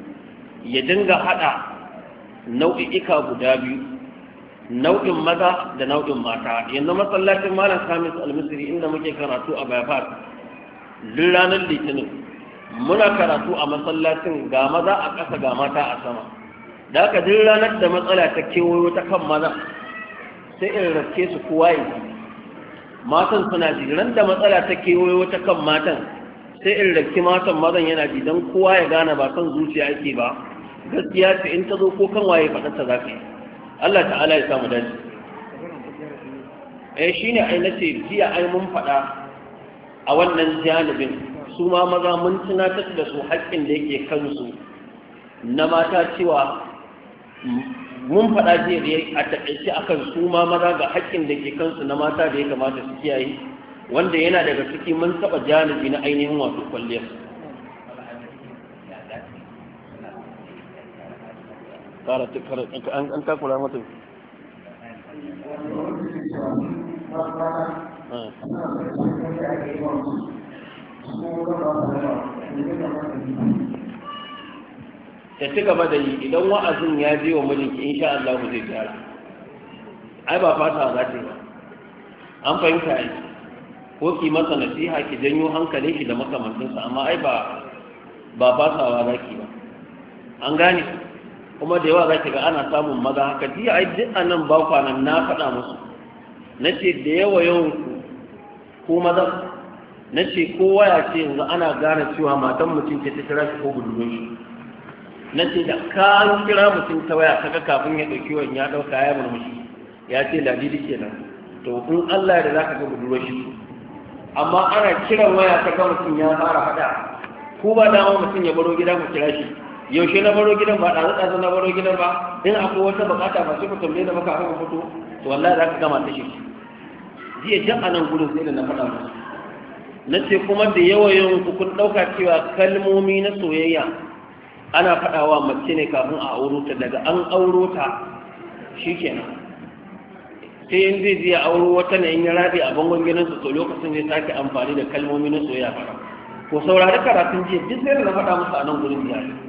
ya dinga haɗa nau'i'ika guda biyu nau'in maza da nau'in mata yanzu masallacin malam samis almisiri inda muke karatu a bypass duk ranar litinin muna karatu a masallacin ga maza a ƙasa ga mata a sama da ka duk ranar da matsala ta kewayo ta kan maza sai in rafke su kowa ya ji matan suna ji ran da matsala ta kewayo ta kan matan sai in rafke matan mazan yana ji don kowa ya gane ba son zuciya yake ba gaskiya ce in ta zo ko kan waye faɗar ta yi. Allah ta'ala ya samu dace eh shine ai nace jiya ai mun faɗa a wannan janibin su ma maza mun tunatar da su haƙƙin da yake kansu na mata cewa mun faɗa jiya da a taƙaice akan su ma maza ga haƙƙin da ke kansu na mata da ya kamata su kiyaye wanda yana daga ciki mun taɓa janibi na ainihin wato kwalliyar kara tukar an kakura mutum ta ci gaba da yi idan wa'azin ya je wa in insha Allah zai gyara ai ba fata za ta yi ba an fahimta yi ko ki masa nasiha ki janyo hankali shi da makamantinsa amma ai ba ba fasawa za ki ba an gane kuma da yawa za ki ga ana samun maza haka ji a yi a nan bakwa nan na faɗa musu na ce da yawa yawan ku maza na ce ko waya ce yanzu ana gane cewa matan mutum ce ta kira shi ko budurun shi na ce da kan kira mutum ta waya ga kafin ya ɗauki wani ya ɗauka ya murmushi ya ce da ke nan, to in Allah ya da za ka ga budurun shi amma ana kiran waya ta ga mutum ya fara faɗa ko ba dama mutum ya baro gida mu kira shi yaushe na baro gidan ba ɗazu ɗazu na baro gidan ba Idan akwai wata bukata ba sai ku tambaye da baka haka fito to wallahi za ka gama ta shi jiya can a nan gudun sai da na faɗa musu na ce kuma da yawayin ku kun ɗauka cewa kalmomi na soyayya ana faɗawa mace ne kafin a auro ta daga an auro ta shikenan sai in zai ziya auro wata ne in ya rabe a bangon su to lokacin zai sake amfani da kalmomi na soyayya ko saurari karatun jiya duk sai da na faɗa musu a nan gurin jiya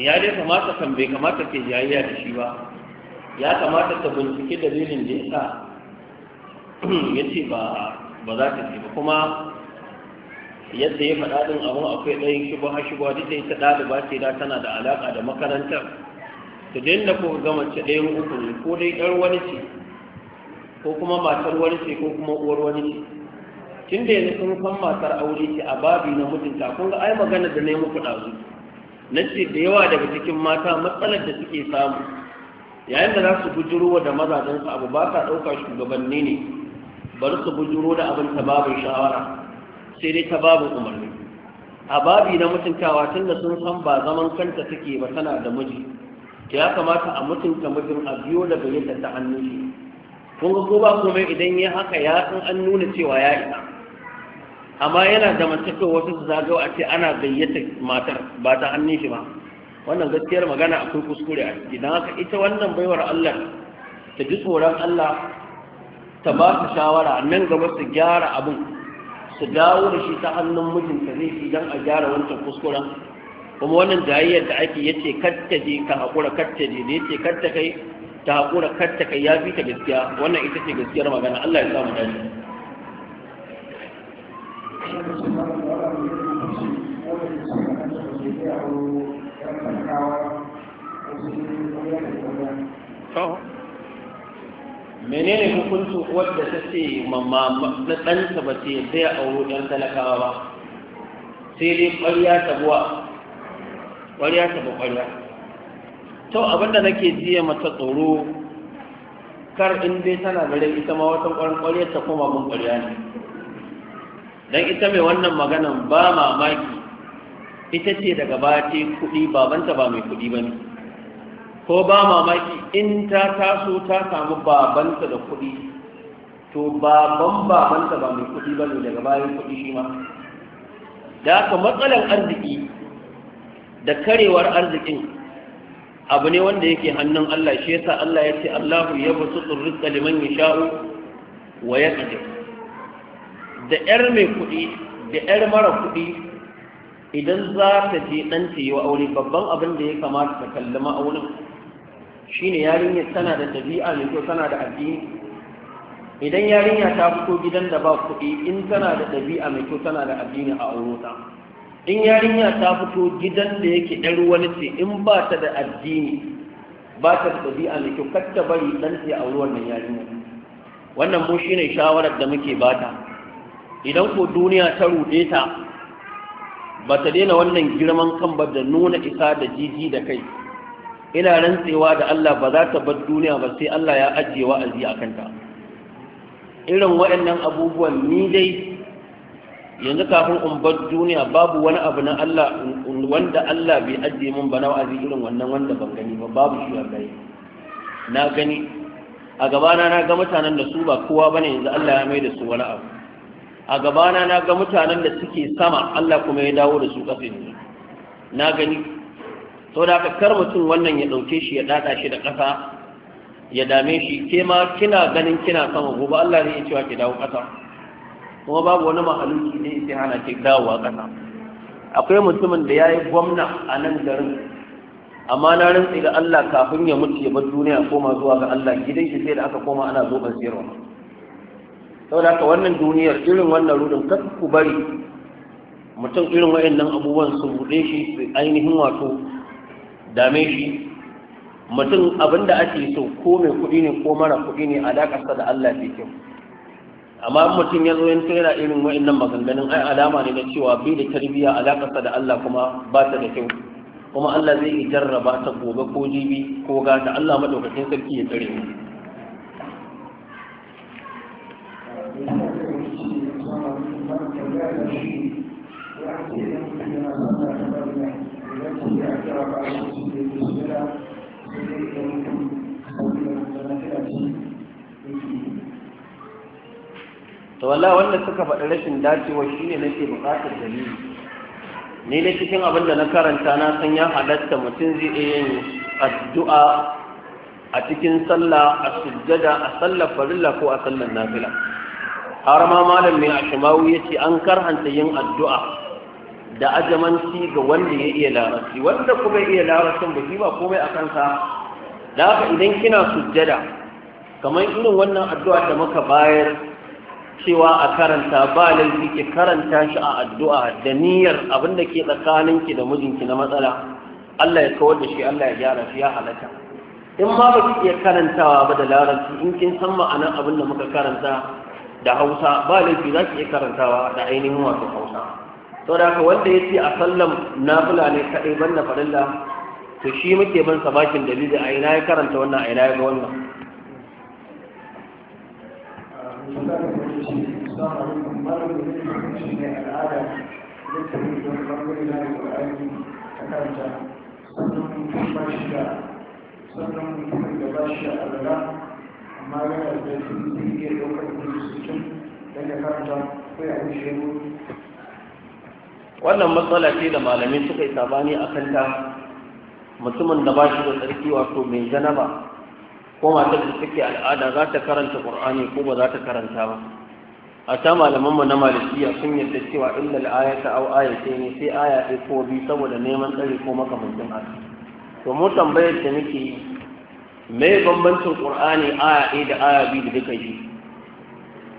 ya dai kamata kan bai kamata ke jayayya da shi ba ya kamata ta bincike dalilin da ya sa ya ce ba ba za ta ce ba kuma yadda ya faɗa ɗin abin akwai ɗayan shi ba shi ba duk da ita ɗaliba ce da tana da alaƙa da makarantar ta dinda ko gama ce ɗayan uku ne ko dai ɗar wani ce ko kuma matar wani ce ko kuma uwar wani ce tun da yanzu sun san matar aure ce a babi na mutunta kun ga ai magana da na yi muku ɗazu na ce da yawa daga cikin mata matsalar da suke samu yayin da za su bujiro da mazajensu abu ba sa ɗauka shugabanni ne bari su bujiro da abin ta babin shawara sai dai ta babin umarni a babi na mutuntawa tun da sun san ba zaman kanta take ba tana da miji ya kamata a mutunta mijin a biyo daga yadda ta hannu shi kun ga ko ba komai idan ya haka ya san an nuna cewa ya isa amma yana da mantaka wasu su zagau a ce ana gayyata matar ba ta hannun shi ba wannan gaskiyar magana akwai kuskure a ciki don haka ita wannan baiwar Allah ta ji tsoron Allah ta ba su shawara nan gaba su gyara abin su dawo da shi ta hannun mijinta zai fi don a gyara wancan kuskuren kuma wannan jayayyar da ake yace katta je ka haƙura katta je da ya ce katta kai ta haƙura katta kai ya fi ta gaskiya wannan ita ce gaskiyar magana Allah ya samu dace menene hukuncin wadda ta ce mamma na ɗansa ba ce sai a wuri ɗan talakawa ba sai dai ƙwarya ta buwa ƙwarya ta ba ƙwarya to abinda nake jiya mata tsoro kar in dai tana gare ita ma wata ƙwarin ƙwarya ta koma mun ƙwarya ne dan ita mai wannan maganan ba mamaki ita ce daga baya ce kuɗi babanta ba mai kuɗi ba ne ko ba mamaki in ta taso ta samu babanta da kuɗi to baban babanta ba mai kuɗi ba ne daga bayan kuɗi shi ma da matsalar arziki da karewar arzikin abu ne wanda yake hannun Allah shi yasa Allah ya ce Allahu yabsutu rizqa liman yasha'u wa yaqdir da yar mai kuɗi da yar mara kuɗi idan za ta je ɗan ta yi wa aure babban abin da ya kamata ta kalli ma'aunin shine yarinya tana da tabi'a mai kyau tana da addini idan yarinya ta fito gidan da ba kuɗi in tana da ɗabi'a mai kyau tana da addini a ta in yarinya ta fito gidan da yake ɗan wani ce in ba ta da addini ba ta da ɗabi'a mai kyau kar ta bari ɗan ta aure wannan yarinya wannan mu shine shawarar da muke bata idan ko duniya ta ruɗe ta ba ta daina wannan girman kan ba da nuna isa da jiji da kai ina rantsewa da Allah ba za ta bar duniya ba sai Allah ya ajiye wa'azi a kanta irin waɗannan abubuwan ni dai yanzu kafin in bar duniya babu wani abu na Allah wanda Allah bai ajiye min ba na wa'azi irin wannan wanda ban gani ba babu shi gani na gani a gabana na ga mutanen da su ba kowa bane yanzu Allah ya mai da su wani abu a gabana na ga mutanen da suke sama Allah kuma ya dawo da su ƙasa ne na gani sau da aka mutum wannan ya dauke shi ya ɗaɗa shi da ƙasa ya dame shi ke ma kina ganin kina sama gobe Allah zai iya cewa ki dawo ƙasa kuma babu wani mahaluki ne ya hana ki dawowa ƙasa akwai mutumin da ya yi gwamna a nan garin amma na rantsi ga Allah kafin ya mutu ya bar duniya koma zuwa ga Allah gidan shi sai da aka koma ana zoban siyarwa saboda haka wannan duniyar irin wannan rudin kar ku bari mutum irin waɗannan abubuwan su buɗe shi su ainihin wato dame shi mutum abin da ake so ko mai kuɗi ne ko mara kuɗi ne alaƙarsa da Allah fi kyau amma mutum ya zo yin tsira irin waɗannan maganganun ai alama ne na cewa bai da tarbiyya alaƙarsa da Allah kuma ba ta da kyau kuma Allah zai jarraba ta gobe ko jibi ko gata Allah madaukakin sarki ya tsare mu to wanda suka faɗi rashin dacewa shine nake buƙatar dalili ni ne cikin abin da na karanta na san ya halatta mutum zai iya yin addu'a a cikin sallah a sujjada a sallar farilla ko a sallar nafila har ma malam mai ashimawu ya ce an karhanta yin addu'a da ajamanci ga wanda ya iya larasi wanda kuma iya larabcin ba ba komai a kansa da haka idan kina sujjada kamar irin wannan addu'a da muka bayar cewa a karanta ba laifi ki karanta shi a addu'a da niyyar abin da ke tsakaninki da mijinki na matsala Allah ya kawar da shi Allah ya gyara shi ya halaka in ma ba ki iya karantawa ba da larabci in kin san ma'anar abin da muka karanta da hausa ba laifi za ki iya karantawa da ainihin wato hausa sau da haka wanda ya ce a sallan fula ne kaɗai ban da faɗilla to shi muke ban sabakin dalili a ina ya karanta wannan a ina ya ga wannan sannan mutumin da ba shi a amma yana da da ɗaukar ya karanta ko ya wannan matsala ce da malamai suka yi sabani a kanta mutumin da ba shi da tsarki wato mai janaba ko matar da suke al'ada za ta karanta qur'ani ko ba za ta karanta ba a ta malaman mu na malikiya sun yarda cewa illa al-ayata aw ne sai aya ɗaya ko biyu saboda neman tsari ko makamantin haka to mu tambayar da muke yi. mai bambancin qur'ani aya ɗaya da aya biyu da duka yi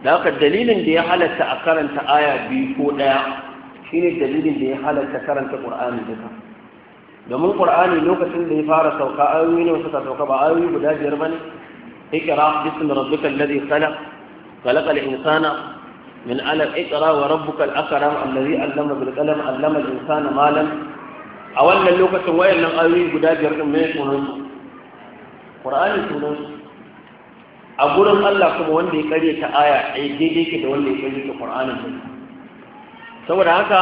da haka dalilin da ya halatta a karanta aya biyu ko ɗaya shine dalilin da ya halatta karanta ƙur'ani duka domin qur'ani lokacin da ya fara sauka ayoyi ne suka sauka ba ayoyi guda biyar ba ne ikira bismi rabbika alladhi khalaq khalaqal insana من علم اقرا وربك الاكرم الذي علم بالقلم علم الانسان ما لم a wannan lokacin wayannan ayoyi guda biyar din mai sunan qur'ani sunan a gurin Allah kuma wanda ya kare ta aya a daidai ke da wanda ya kare ta qur'anin ne saboda haka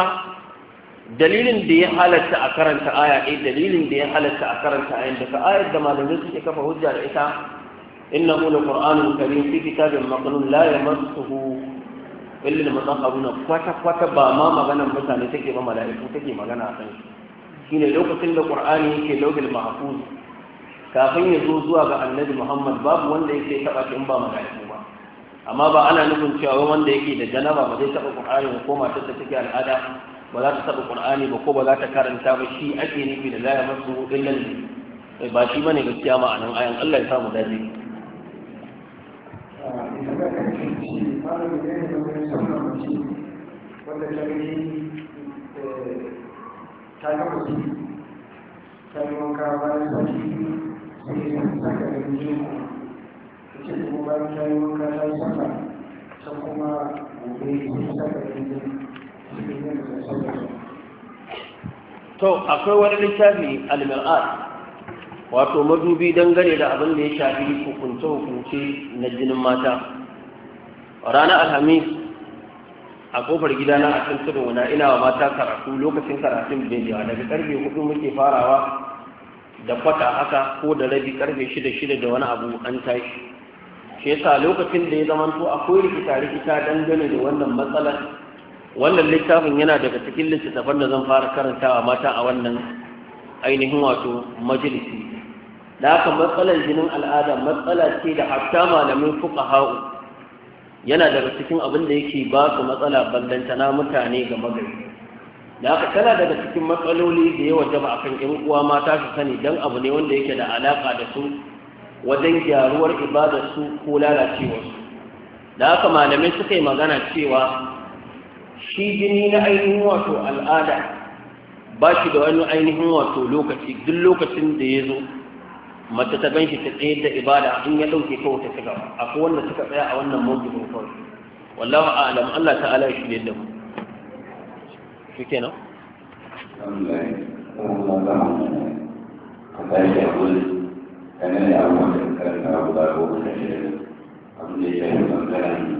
dalilin da ya halatta a karanta aya dalilin da ya halarta a karanta aya da ka ayar da malamai suke kafa hujja da ita innahu laqur'anun karim fi kitabin maqnun la yamassuhu illa al-mutahharun kwata kwata ba ma maganar mutane take ba mala'iku take magana a kan shine lokacin da qur'ani yake lawil mahfuz kafin ya zo zuwa ga annabi muhammad babu wanda yake taba shi in ba mala'iku ba amma ba ana nufin cewa wanda yake da janaba ba zai taɓa ƙur'ani ko matar ta take al'ada ba za ta taɓa ƙur'ani ba ko ba za ta karanta ba shi ake nufi da laya masu illal eh, ba shi bane gaskiya ma'anan ayan Allah ya samu dace wanda eh, ta yi wanka bayan to akwai wani littafi al-mir'at wato madubi dangane da abin da ya shafi hukunce-hukunce na jinin mata ranar alhamis a kofar gidana a can tudun ina wa mata karatu lokacin karatun bejiwa daga karfe hudu muke farawa da kwata haka ko da rabi karfe shida shida da wani abu an tashi shi yasa lokacin da ya zamanto akwai rikita rikita dangane da wannan matsalar wannan littafin yana daga cikin littattafan da zan fara karantawa mata a wannan ainihin wato majalisi da haka matsalar jinin al'ada matsala ce da hatta malamin fuka hau yana daga cikin abin da yake ba su matsala ballantana mutane ga magani. da haka tana daga cikin matsaloli da yawa jaba a kan ƴan uwa mata su sani dan abu ne wanda yake da alaka da su wajen gyaruwar ibadar su ko lalacewar su da haka malamai suka yi magana cewa shi jini na ainihin wato al'ada ba shi da wani ainihin wato lokaci duk lokacin da ya zo mace ta ganshi ta tsaye da ibada in ya ɗauke kawai ta ci gaba akwai wanda suka tsaya a wannan mawdu'in kawai wallahu a'lam Allah ta'ala ya shirye da mu shi kenan da